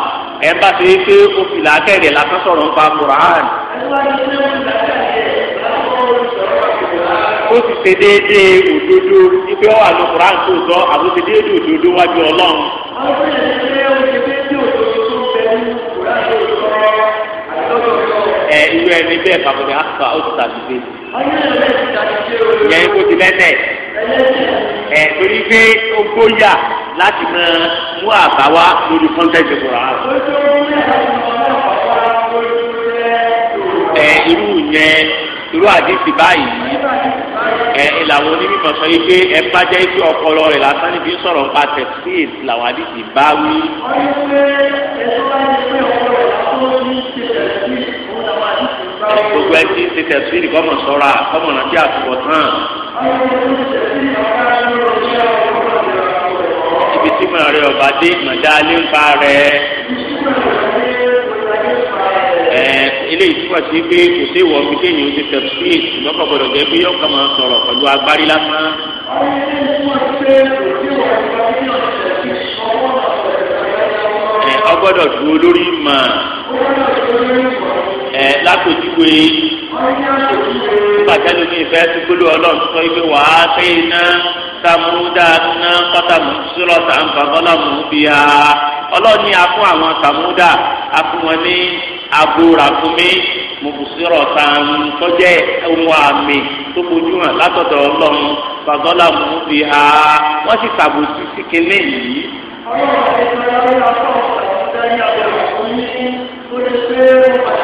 ẹ bá ṣe é pé o fi làákẹ́rẹ́ lásán sọ̀rọ̀ nípa Quran. ó sì ṣe déédéé òdodo ibi ọ̀wà ló Quran tó sọ àbúrò ṣe déédéé òdodo wájú Ọlọ́run. ẹ irú ẹni bẹ́ẹ̀ bàbá mi á sọ ti tàbí dé. yẹn kó ti lẹ́tẹ̀ ẹ̀ torí pé ó gbóyà láti máa mú àbá wá lórí kọ́ńtẹ́ǹtì kura. ẹ irú yẹn irú àdìsí báyìí ẹ làwọn onímọ̀ sọ yìí pé ẹ bá jẹ́ pé ọpọlọ rẹ̀ lásán níbi sọ̀rọ̀ nípa tẹ̀síìs làwọn àdìsí bá wí. gbogbo ẹ ti ń ṣe tẹ̀síìs kọ́mọ̀ sọ́ra kọ́mọ̀ rántí àtúbọ̀ tán. ibi tí mo rẹ ọba dé mọ̀dálé ń pa rẹ̀ ilé ìtumọ̀ sí pé kò sí ìwọ mi kéèyàn ó ti tẹ̀ sí ìtumọ̀ gbọdọ̀ jẹ́ pé máa sọ̀rọ̀ pẹ̀lú agbárí lásán. ọgbọ́dọ̀ dúró lórí mọ̀ látòjúwe. bàtà lómi ìfẹ́ ti gbólú ọlọ́run sọ ibi wà á pé iná sàmúdà iná kọ́tàmù sọ̀rọ̀ sàǹfà bọ́làmù bíyà ọlọ́run ní afún àwọn sàmúdà afún wọn ní agbóra fún mi mùsùlùmí tàn tọ́jẹ́ ohun àmì tó bójú hàn látọ̀dọ̀ ọlọ́run fàbọ́làmù bíyà wọ́n sì tàbùsí sí kinní yìí.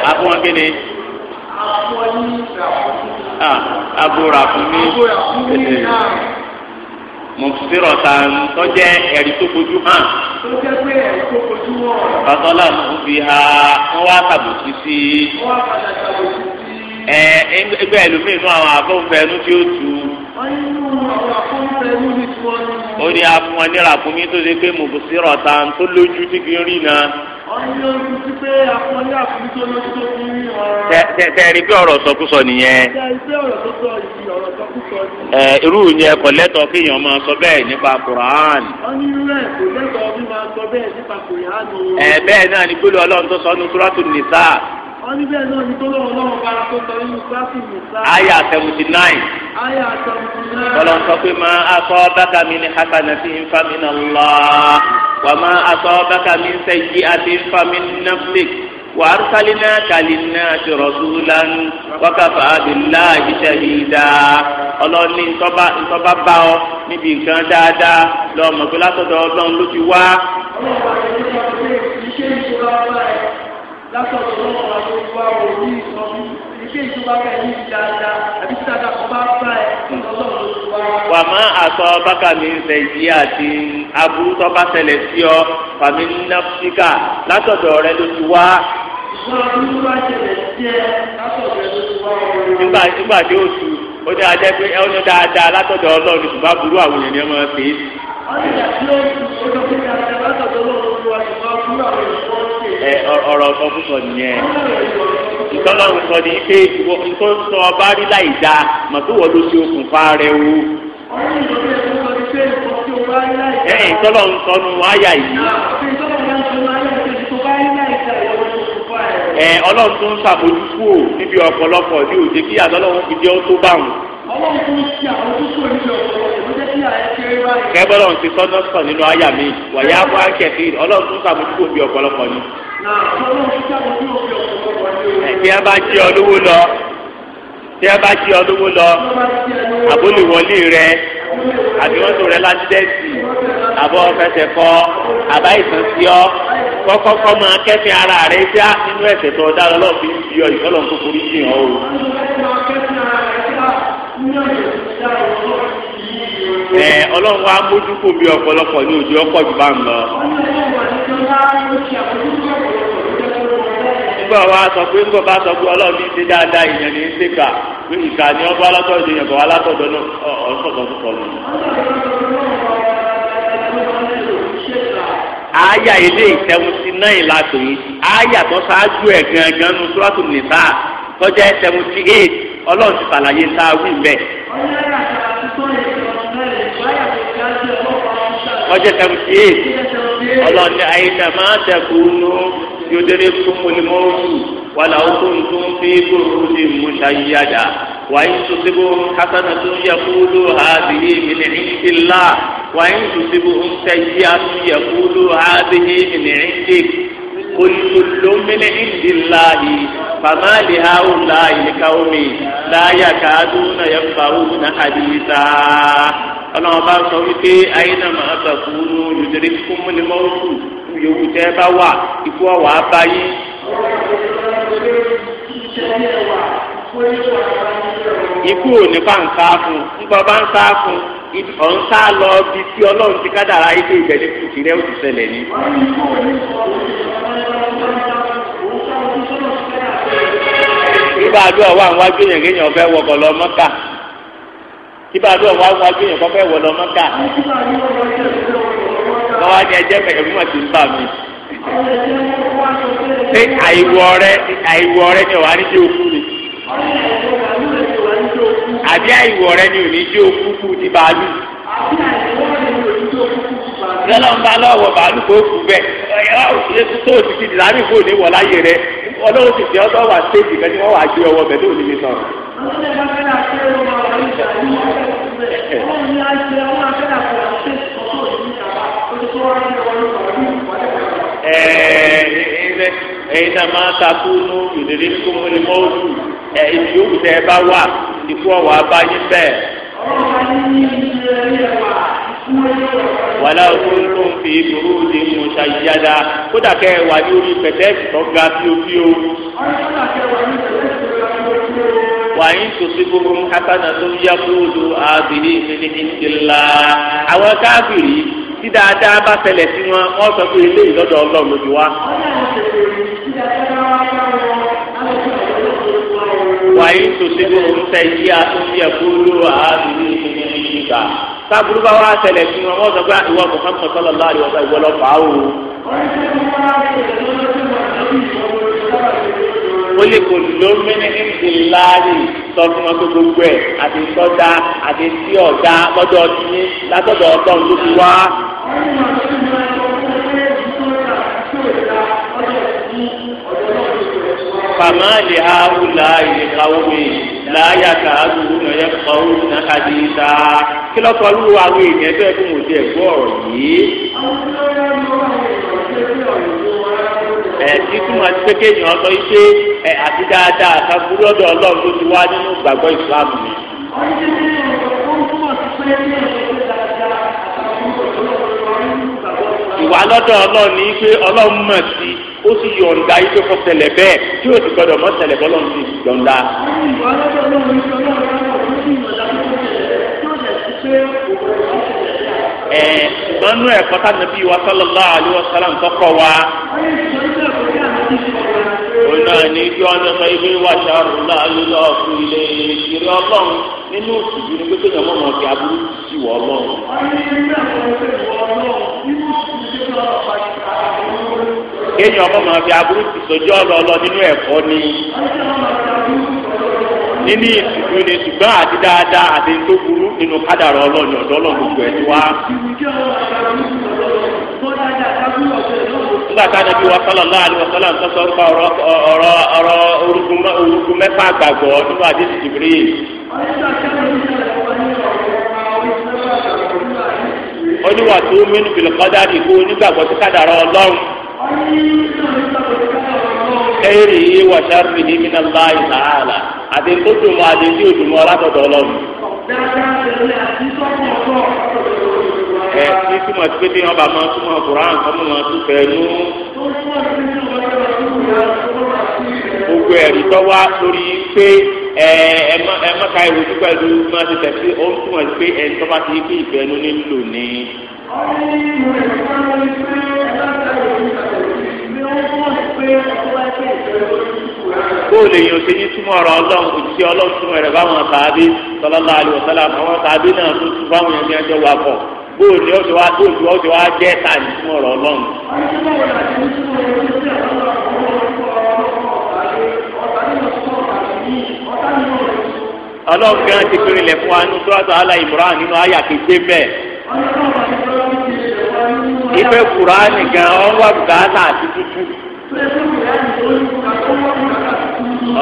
àfún wọn kí ni abúra fún mi mọ̀fìsirọ̀ ta tọ́jẹ́ ẹ̀rí tó fojú hàn. tọ́jẹ́ pé ẹ̀rí tó fojú hàn. bàtọ́lá ló fi ha wọ́n wá tàbùkù sí i. wọ́n wá tàbùkù sí i. ẹ tí ó tu. wọ́n nínú ní tiwọn. ó ní tó ṣe pé mọ̀fìsirọ̀ ta tó lójú tí kì í tẹ̀sẹ̀rì bí ọ̀rọ̀ sọkúsọ nìyẹn. ẹ irú yẹn kò lẹ́tọ̀ọ́ kéèyàn máa sọ bẹ́ẹ̀ nípa Quran. ẹ bẹ́ẹ̀ náà ni gbólóhùn ọlọ́run tó sọ nínú Suratu Nisa. wọ́n ní bẹ́ẹ̀ náà ni gbólóhùn ọlọ́run bára tó sọ nínú Suratu Nisa. àyà seventy nine. àyà seventy nine. ọlọ́run sọ pé máa aṣọ bákàmí ni hasanati nfa mi náà lọ́ọ́ wàmà asọ́bàkà mi ń sẹ́yí àti fami naflik wà á sálínà kàlínà ti rọ̀súlán wákàfà àbílá ìṣẹ̀lì dáa ọlọ́ni ntọ́ba bá ọ níbi nǹkan dáadáa lọ́mọ pé látọ̀dọ̀ ọlọ́run ló ti wá. látọ̀dọ̀ ọlọ́run ló ti wá wò ní ìsọ̀rọ̀ ṣé ìjọba bẹ́ẹ̀ ní dáadáa àbí sábà kó bá bá ẹ lọ́lọ́run ló ti wá. wà má àtọ bákà mi ń sẹ yí àti aburú tó bá ṣẹlẹ̀ sí ọ fàmí náfíkà látọ̀dọ̀ rẹ ló ti wá. nígbà nígbà tí ó tu ó ní ajẹ́ pé ẹ ó tu dáadáa látọ̀dọ̀ ọlọ́run ṣùgbọ́n aburú àwọn èèyàn ni wọ́n ń ọ̀rọ̀ ọ̀fọ̀ púpọ̀ nìyẹn ìtọ́lọ́run sọ ní pé ìwọ tó ń sọ ọba rí láì dá màtúwọ̀ ló ṣe okùnfà rẹ̀ o. ẹ ìtọ́lọ́run sọ nu àyà yìí. ẹ ọlọ́run tó ń ṣàbójúkú ò níbi ọ̀pọ̀lọpọ̀ ní òde kí àtọ́lọ́run fi jẹ́ ó tó bá wọn. ọlọ́run tó ń ṣe àbójúkú ò níbi ọ̀pọ̀lọpọ̀ kẹ́bọ́lọ̀ ti sọ́dọ̀ sọ nínú àyà mi wàyà wá kẹ̀kẹ́ ọlọ́run tó ń sàmójúkò bí ọ̀pọ̀lọpọ̀ ni tí a bá ṣe ọdúnwó lọ tí a bá ṣe ọdúnwó lọ àbólúwọlé rẹ àbí wọn tó rẹ lásìdẹ́sì àbọ̀ fẹsẹ̀ kọ àbá ìtàn sí ọ kọ́kọ́kọ́ máa kẹ́sìn ara rẹ sí inú ẹ̀sẹ̀ tó ọ̀dá ọlọ́ọ̀fin bí ọ ìtọ́lọ̀ ń kúkúrú sí ọ o. ẹ ọlọ́run wa mójú kò bí ọ̀pọ̀lọpọ̀ ní òjò ọkọ̀ jù bá ń lọ. nígbà wa sọ pé ńgbà bá sọ pé ọlọ́run ti ṣe dáadáa ìyẹn ní ṣèkà pé ìkà ni ọgbọ́n alátọ́jú yẹn bọ̀ alátọ́jú náà ọ̀sọ̀tọ̀ púpọ̀ lọ. àyà ilé ìtẹ̀wùsí náà ìlàtò yìí àyà tó ṣáájú ẹ̀ gangan nu sọ́tù nìta tọ́jà ọlọ́run ti ṣàlàyé يدرككم الموت ولو كنتم في بروج مشيدة وإن تصبهم حسنة يقولوا هذه من عند الله وإن تصبهم سيئة يقولوا هذه من عندك قل كل من عند الله فما لهؤلاء القوم لا يكادون يفقهون حديثا ọlọ́run bá sọ wípé ayé náà máa sàkúrú yòdìrí fún mímọ́ òkú yòówù tẹ́ ẹ bá wà ikú ọ̀wà á bá yín. ikú ò ní bá ń sá fún un nígbà bá ń sá fún un ọ̀n sá lọ bí tí ọlọ́run ti kádàrá ilé ìgbẹ́ ní kùtì rẹ̀ ó ti ṣẹlẹ̀ ní. nígbà àdúrà wà wájú kéèyàn fẹ́ wọkọ̀ lọ mọ́kà nígbà àdúrà wà wájú yẹn kọ́ fẹ́ àwọn wa ni ẹjẹ kẹkẹ bí wọn ti ń bà mí. ṣé àìwọ rẹ àìwọ rẹ ni ọ̀wá ní jẹ́ òkú ni. àbí àìwọ rẹ ni ò ní jẹ́ òkú kú ti bàálù. lọ́lọ́run bá lọ́wọ́ bàálù kó kú bẹ́ẹ̀ ètò tó ti di láàrin kò ní wọ̀ láyé rẹ ọlọ́run ti fi ọdọ́ wa ṣéèjì kan ni wọ́n wàá gbé ọwọ́ bẹ̀ tó ní mi sọ̀rọ̀. ẹ̀ẹ́dẹ́ ẹ̀yin náà máa takú nú ìlérí kó mo lè mọ́ òtù ẹ̀ ibi yòówù tẹ́ ẹ bá wà ikú ọ̀wà bá yín bẹ́ẹ̀. wàlá òkúńtò ń fi burú di musa yíyáda kódà kẹ́ ẹ wà ní orí pẹ̀tẹ́ẹ̀sì tó ga fíofíó. wàyí tòsí gbogbo hasana tó yá kúrò àbílí mi ní ìdílá àwọn káfíìrì tí dáadáa bá ṣẹlẹ̀ sí wọn wọ́n sọ pé ilé ìlọ́dọ̀ ọlọ́run ló ti wá. wàyí sòṣèlú ń tẹ iye àtúnṣe ẹ̀kọ́ ló àádùn ní ìgbà sábúrú bá wá ṣẹlẹ̀ sí wọn wọ́n sọ pé ìwọ Muhammad sallallahu alaihi wasallam ìwọ lọ fà á o wọlé kò lómìnì ìlànà sọfún ọtún gbogbo ẹ àti sọdá àti tí ọdá lọ́dọ̀ ọtún látọ̀dọ̀ ọtún tó ti wá. fàmà lè ha wùlà ìyẹ̀káwó mi láyà ká lùhùn ẹ̀yẹ kọ́wó náà kàdé ta kí lọ́kọ́ lù wá wí ìyẹn bẹ́ẹ̀ fún òde ẹ̀gbọ́ ọ̀rọ̀ yìí ẹ ìtumọ̀ àti pé kéèyàn sọ yìí pé ẹ àti dáadáa kan burú ọ̀dọ̀ ọlọ́run ló ti wá nínú ìgbàgbọ́ ìsìlámù mi. ìwà lọ́dọ̀ ọlọ́run ní pé ọlọ́run mọ̀ sí ó sì yọ̀ǹda yìí pé kò ṣẹlẹ̀ bẹ́ẹ̀ tí yóò ti gbọdọ̀ mọ́ ṣẹlẹ̀ bọ́lọ́run ti yọ̀ǹda. ìwà lọ́dọ̀ ọlọ́run ní pé ọlọ́run wa sallallahu alaihi wasallam tọkọ wa òun náà ní kí wọn lọ sọ ibi wà sàrò láàlú lọọ fún ilé ìṣeré Ọlọ́run nínú òṣùjú ni pé kéèyàn mọ̀mọ́ fi aburú sí wọ Ọlọ́run. kéèyàn mọ̀mọ́ fi aburú sí sójú ọlọ́ọ̀lọ́ nínú ẹ̀kọ́ ni nínú ìtìjú ni ṣùgbọ́n àti dáadáa àti tó burú nínú kádàrọ̀ Ọlọ́run ọ̀dọ́ Ọlọ́run gbogbo ẹ̀ ti wá nígbà tá nàbí wa sallallahu alaihi wasallam ń sọsọ nípa ọ̀rọ̀ ọ̀rọ̀ ọ̀rọ̀ orúkún mẹ́fà gbàgbọ́ nínú àdéhùn Jibril. oníwà tó mẹ́nu bìlẹ̀ kọ́dá ni kó onígbàgbọ́ tí kádàrá ọlọ́run. kẹ́rì yìí wà sáré ní min Allah ta'ala àti tó dùn mọ́ àti tí dùn mọ́ látọ̀dọ̀ ọlọ́run. dáadáa ṣẹlẹ̀ àti sọ́kùn ọ̀tọ̀ ẹ kí túmọ̀ sí pé bí wọ́n bá máa túmọ̀ kuran kọ́ mọ̀ máa tún fẹ́ nú. gbogbo ẹ̀rí tó wá lórí pé ẹ ẹ mọ̀ká ìròyìn pẹ̀lú máa ti tẹ̀sí ó túmọ̀ sí pé ẹni tó bá ti kí ìfẹ́ nú nílò ni. bóòlù èèyàn ṣe ní túmọ̀ ọ̀rọ̀ ọlọ́run kò sí ọlọ́run túmọ̀ rẹ̀ báwọn tàbí sallallahu alaihi wasallam àwọn tàbí náà tó tún báwọn ẹ̀mí ẹjọ́ wà pọ̀ bóòlù ọ̀sẹ̀ wa bóòlù ọ̀sẹ̀ wa jẹ́ ta ìtumọ̀ ọ̀rọ̀ ọlọ́run. ọlọ́run gan ti péré lẹ̀ fún wa ní sọ́wọ́sọ aláìmọ̀ràn nínú àyà kékeré mẹ́ẹ̀. ìfẹ́ kùránì gan ọ́n wà bùkátà àti tútù.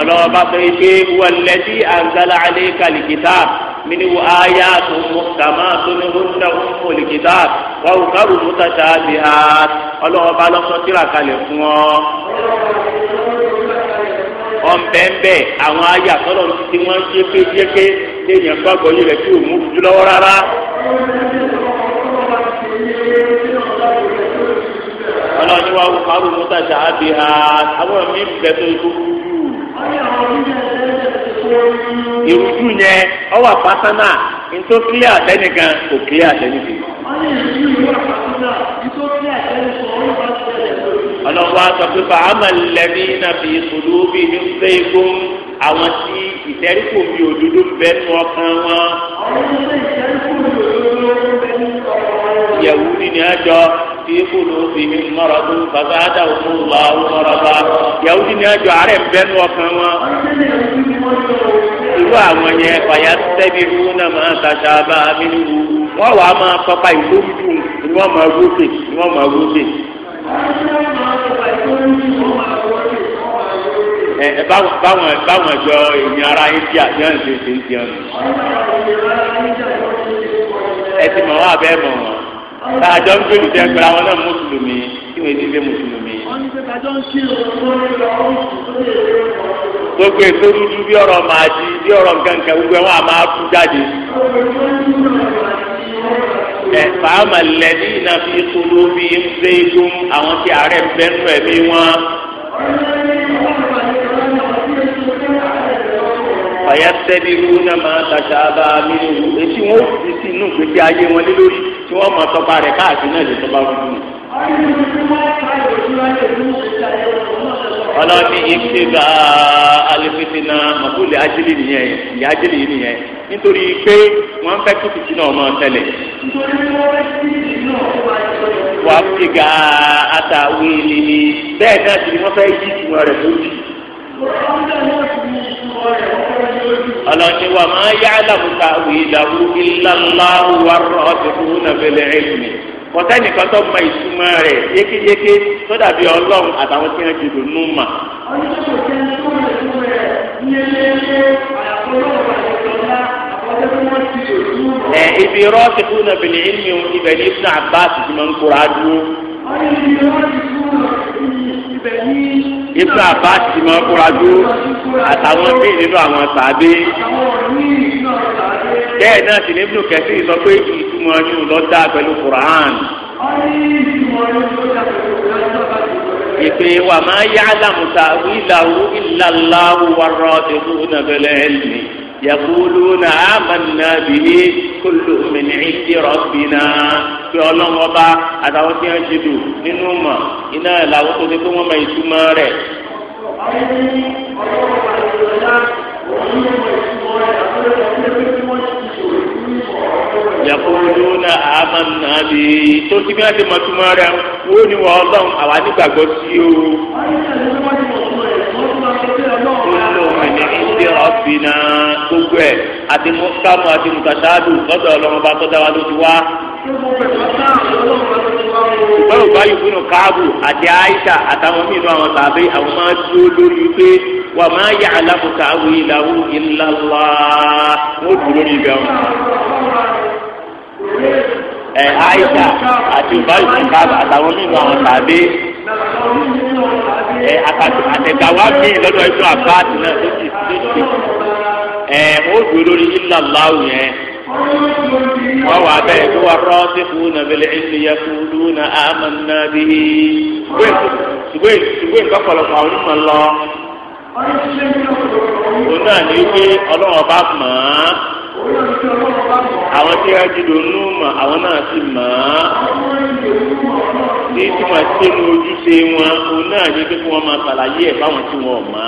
ọlọ́run bá fẹ́ ṣe wọlé tí àǹzálà alẹ́ kàlìkìtà. منه آيات محكمات هن أم الكتاب وأخر متشابهات الله بالله sọtìrà kalẹ̀ fún ọ ọ̀nbẹ̀nbẹ̀ àwọn àyà tọ́lọ̀ tí wọ́n ṣe péjéké téèyàn gbàgbọ́ yìí rẹ̀ tí ò mú ojú lọ́wọ́ rárá. ọlọ́run ní wàá wọ́n kárò mọ́tàjà á bí ha àwọn míì bẹ̀ tó ikú ìrújú yẹn ọwọ́ àpáṣánà ntó kílíà àtẹnìkan kò kílíà àtẹnìkan. ọlọ́wọ́ aṣọ pípa àmà lẹ́mí nàbí ìṣòro bí ní ṣe é gún àwọn tí ìtẹ́ríkò mi òdodo bẹ́ẹ̀ nu ọkàn wọn. yẹ̀wù ni àjọ fi kúlù fìhí mọ́rọ̀dún fàgádà òmùlá òmùrọ̀dá yẹ̀wù ni àjọ àárẹ̀ bẹ́ẹ̀ nu ọkàn wọn irú àwọn yẹn fàyà tẹ́bi irú náà máa ń taṣà bá a mi nínú wọ́n wàá máa pápá ìlú dùn ni wọ́n máa rúbè ni wọ́n máa rúbè. ẹ ẹ báwọn báwọn ẹjọ èèyàn ara india ní àná ṣe ṣe ń tiẹ̀ nù. ẹ ti mọ̀ wá abẹ́ mọ̀ wọ́n tàjọ ń gbèrú jẹ pé àwọn náà mùsùlùmí kí wọ́n ti lé mùsùlùmí. wọ́n ní pé tàjọ ń kí ìròyìn lórí ọ̀hún ìròyìn lórí ọ̀hún gbogbo èso dúdú bí ọ̀rọ̀ màá di bí ọ̀rọ̀ nkankan gbogbo wọn a máa kú jáde. ẹ fàámà lẹ́ni ìnáfi kúrú bí ń gbé igun àwọn tí ààrẹ bẹ́nu ẹ̀mí wọn. ọ̀yà tẹ́bi irú náà máa tàṣà bá mi ní ìlú etí wọn ò fi sí inú gbèsè ayé wọn lé lórí tí wọ́n máa tọ́pa rẹ̀ káàkiri náà lè tọ́pa fún ọlọ́ọ̀ni ìfìgbà alifitina mọ̀kúlẹ̀ ajílì nìyẹn ìyá ajílì yìí nìyẹn nítorí pé wọ́n fẹ́ kí fìtínà ọmọ tẹ́lẹ̀. wà á fìgà àtàwé nìyí bẹ́ẹ̀ náà sì ni wọ́n fẹ́ yí ìtumọ̀ rẹ̀ lójú. ọlọ́ọ̀ni wà máa yá àlàbùkà wìlà wù ilà ńlá wà rọ̀ ọ̀dẹ̀kùn nàbẹ̀lẹ̀ ẹ̀mí kọtẹ́nì kan ma mọ ìtumọ̀ rẹ̀ yékéyéké tó dàbí ọlọ́run àtàwọn tí wọ́n ti dùn nù mà. ẹ ibi rọ́ọ̀sì kú náà bìnnì ìlú ibẹ̀ ní ibùdó àbáàsì tí máa ń kóra dúró. ibùdó àbáàsì tí máa ń kóra dúró àtàwọn tí nínú àwọn tàbí bẹ́ẹ̀ náà sì ní Ibn Kathir sọ pé ìtumọ̀ ni ò lọ dá pẹ̀lú Qur'an. ìpè wà máa ya'lamu ta'wilahu illa Allahu war-rasikhuna fil-'ilmi yaquluna amanna bihi kullu min 'indi rabbina pé ọlọ́run ọba àtàwọn tí wọ́n ti dù nínú mọ̀ iná làwọn tó ti pé wọ́n mọ ìtumọ̀ rẹ̀. ọlọ́run ọba ìjọba òun ló mọ ìtumọ̀ yakuluna amanna bi tó ti bí wọn ti mọ túmọ̀ ni wọn Ọlọ́run àwa nígbàgbọ́ sí o. ọ̀fìnà gbogbo ẹ̀ àti mọ́kámù àti mùtàṣáàdù lọ́dọ̀ ọlọ́run bá tọ́jà wa lójú wa. ṣùgbọ́n ìbáyìí fún un káàbù àti àìsà àtàwọn mìíràn àwọn tàbí àwọn máa ń dúró lórí pé wà má yà alábùtà awì ìlàwù ìlàlá wọn dúró ní ibẹ̀ wọn. ẹ àyíká àti ìbáyìí kàkà àtàwọn mímu àwọn tàbí ẹ àtẹ̀gáwá mi lọ́dọ̀ ẹjọ́ àbáàtì náà ló ti ti ti ẹ wọn dúró lórí ìlàlá yẹn wọ́n wà bẹ́ẹ̀ tó wà rọ́ọ̀sì fún abẹ́lẹ́ ẹ̀sìn yẹ fún lùnà àmàlà bíi. ṣùgbọ́n ìgbà pọ̀lọpọ̀ àwọn onímọ̀ lọ òun náà ní pé ọlọ́run ọba mọ̀ ọ́n àwọn tí wọ́n ti dòónú mọ̀ àwọn náà sì mọ̀ ọ́n ní tí wọ́n ti nu ojúṣe wọn òun náà ní pé kí wọ́n máa ṣàlàyé ẹ̀ fáwọn tí wọ́n mọ̀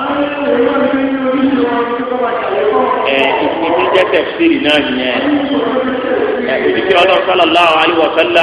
ọ́n ẹ̀ ìdí jẹ́ tẹ̀síìrì náà nìyẹn ẹ̀ ìdí tí ọlọ́run sọ́lá aláwọ̀ ayé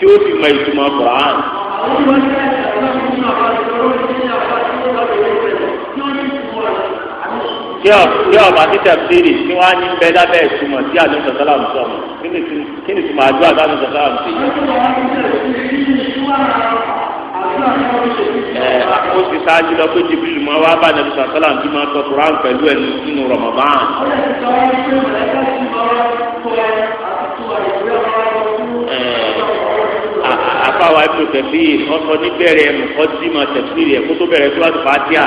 tí ó fi mọ ìtumọ̀ Quran. kí ọba títẹ̀ bèrè kí wọ́n á ní bẹ́ẹ̀ lábẹ́ ìtumọ̀ tí àdó sọ̀tọ́là ń sọ kí ni ìtumọ̀ àdó àdó sọ̀tọ́là ń sè ẹ ó ti sáájú lọ pé jibril mọ wá bá nàbí sàkálà bí máa tọ kuran pẹ̀lú ẹ nínú Ramadan àfáwà ibùdó tẹ̀sí ọsọ níbẹ̀rẹ̀ ọtí ma tẹ̀sí rẹ̀ kótó bẹ̀rẹ̀ tó wà tó fàtíà.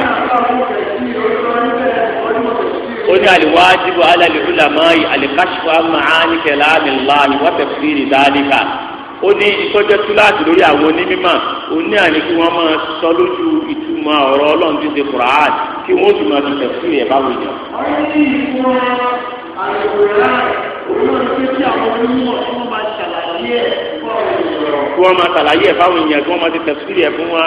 ó ní àlìwájú alàlìhùlà máa yí àlìkáṣífà máa ní kẹlá àmìlá ìwà tẹ̀sí rẹ̀ dáadéka. ó ní ìtọ́jẹ́ túláàsì lórí àwọn onímọ̀ ó ní àní kí wọ́n máa sọ lójú ìtumọ̀ ọ̀rọ̀ ọlọ́run ti rẹ̀ báwo òun náà ti fi àwọn onímọ̀ tí wọ́n máa ṣàlàyé ẹ̀ kí wọ́n máa ṣàlàyé ẹ̀ fáwọn èèyàn kí wọ́n máa ti tẹ̀síìrì ẹ̀ fún wa.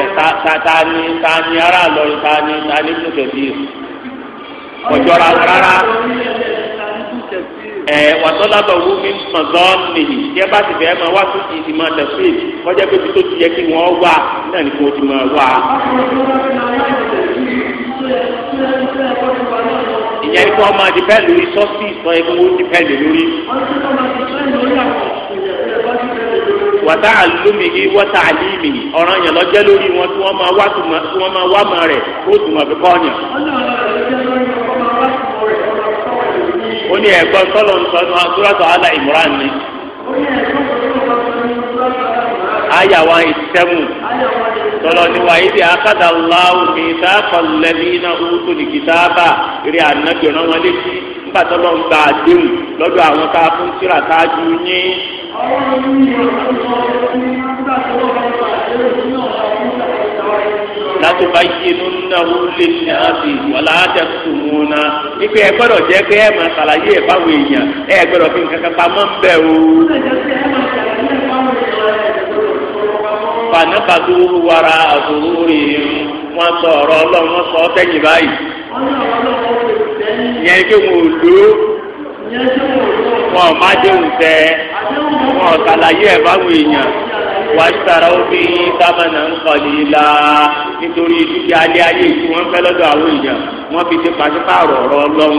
ẹ̀ ta ta ta ni ta ni ara lọ ta ni ta ni fún tẹ̀síìrì ọjọ́ ra rárá ẹ wàtọ́lábọ̀ wú mi mọ̀zọ́ nìyí tí ẹ bá ti bẹ̀ẹ́ máa wá sí ìdìmọ̀ tẹ̀síìrì wọ́n jẹ́ pé ibi tó ti yẹ kí wọ́n wà náà ni kò ti máa wà. yẹn kí wọ́n máa dìpẹ́ lórí sọ́ọ̀sì sọ yẹ kí wọ́n dìpẹ́ lórí. wàtá àlùmíhi wàtá àlìmíhi ọ̀ràn yẹn lọ́jẹ́ lórí wọn kí wọ́n máa wá tuma kí wọ́n máa wá ma rẹ̀ kó tuma fi kọ́ ó ní sọ́lọ́ àlà ìmúra ni. àyà wa ìsẹ́mù. àyà tọ́lọ́ ni wàá ibi akada Allahu mi sáfà lẹ́mí iná orúkọ ní kìtàbà rí ànábì ọ̀nà wọn létí nígbà tọ́lọ́ ń gba àdéhùn lọ́dọ̀ àwọn tá a fún síra ṣáájú yín. láti bá yé nínú wúlé ní àti wàlá àtẹ̀sùnmùnà ibi ẹ gbọ́dọ̀ jẹ́ pé ẹ máa ṣàlàyé ẹ̀ báwo èèyàn ẹ gbọ́dọ̀ fi nǹkan kan pamọ́ ń bẹ̀ o fanaba dúró wara àbúrúurì wọn sọ ọ̀rọ̀ Ọlọ́run wọn sọ ọsẹyìn báyìí yẹn kí wọn ò lò wọn má déhùn tẹ wọn ọ̀sàlàyé ẹ̀ fáwọn èèyàn wàá sara omi sábànà ńkọlì la nítorí dúkìá alẹ́ ayé tí wọ́n fẹ́ lọ́dọ̀ àwọn èèyàn wọ́n fi ti pàṣípààrọ̀ ọ̀rọ̀ Ọlọ́run.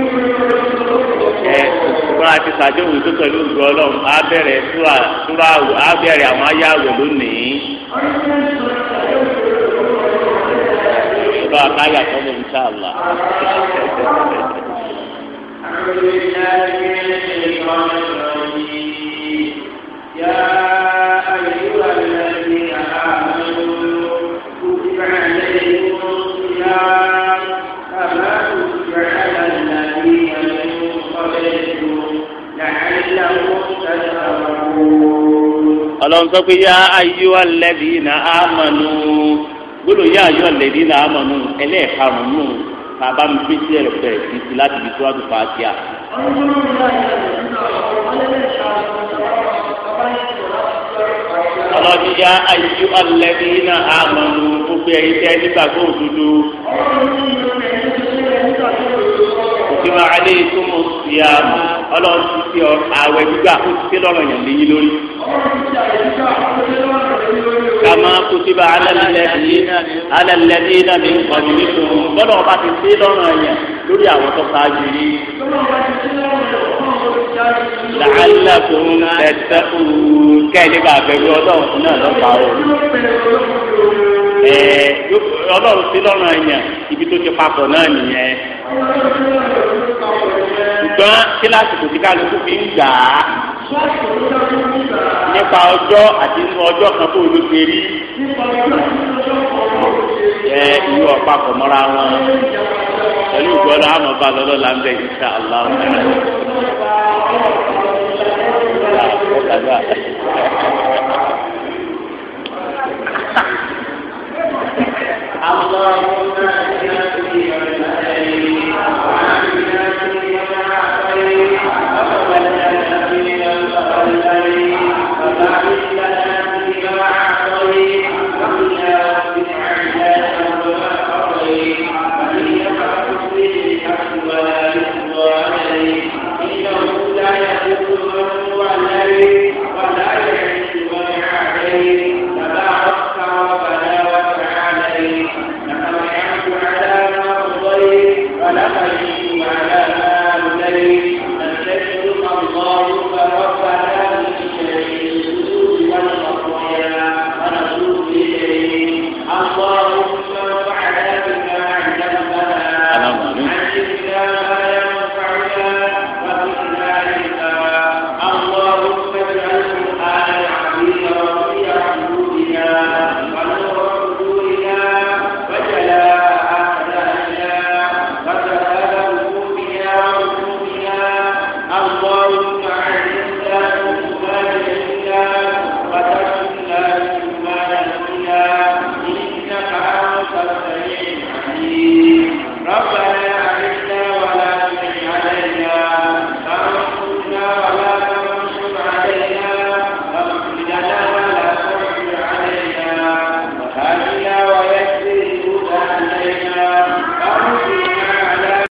bọ́lá ti sàdéhùn tó pẹ̀lú ìgbọ́ ọlọ́run á bẹ̀rẹ̀ súra súra á bẹ̀rẹ̀ àwọn ayáwẹ̀ lónìí. ìṣòro àkáyà tó lè ń sá àlà. يا ọlọ́run sọ pé yá ayúwa lẹ́bí iná àmọ́nù gbọ́dọ̀ yá ayúwa lẹ́bí iná àmọ́nù ẹlẹ́ẹ̀karùn-ún bàbá mi fi sí ẹ̀rọ pẹ̀lú títí láti fi tó àtúntò àti à. ọlọ́run yá ayúwa lẹ́bí iná àmọ́nù gbogbo ẹ̀yin tẹ́ nígbà tó dúdú. òkèwà alẹ́ ìtumọ̀ ìyá ọlọ́run ti fi àwẹ̀ gbígbà ó ti fi lọ́rọ̀ yàn léyìn lórí kama kutiba alalẹ́dínà alalẹ́dínà mi kọ́ni nínú lọ́dọ̀ ọba ti sí lọ́rùn ẹ̀yẹ lórí àwọn tó ṣáájú yìí. làálà tó ń tẹ̀sẹ̀ òun kẹ́ni bá bẹ̀rù ọlọ́run náà lọ́pàá o. ọlọ́run sí lọ́rùn ẹ̀yẹ ibi tó ti papọ̀ náà nìyẹn. ṣùgbọ́n kíláàsì kò sí kálukú fi ń gbà á nípa ọjọ́ àti nínú ọjọ́ kan tó ló ṣe rí. ẹ ìlú ọ̀pá kò mọ́ra wọn pẹ̀lú ìgbọ́dọ̀ àmọ́ bá lọ́dọ̀ là ń bẹ̀ insha Allah. Allahumma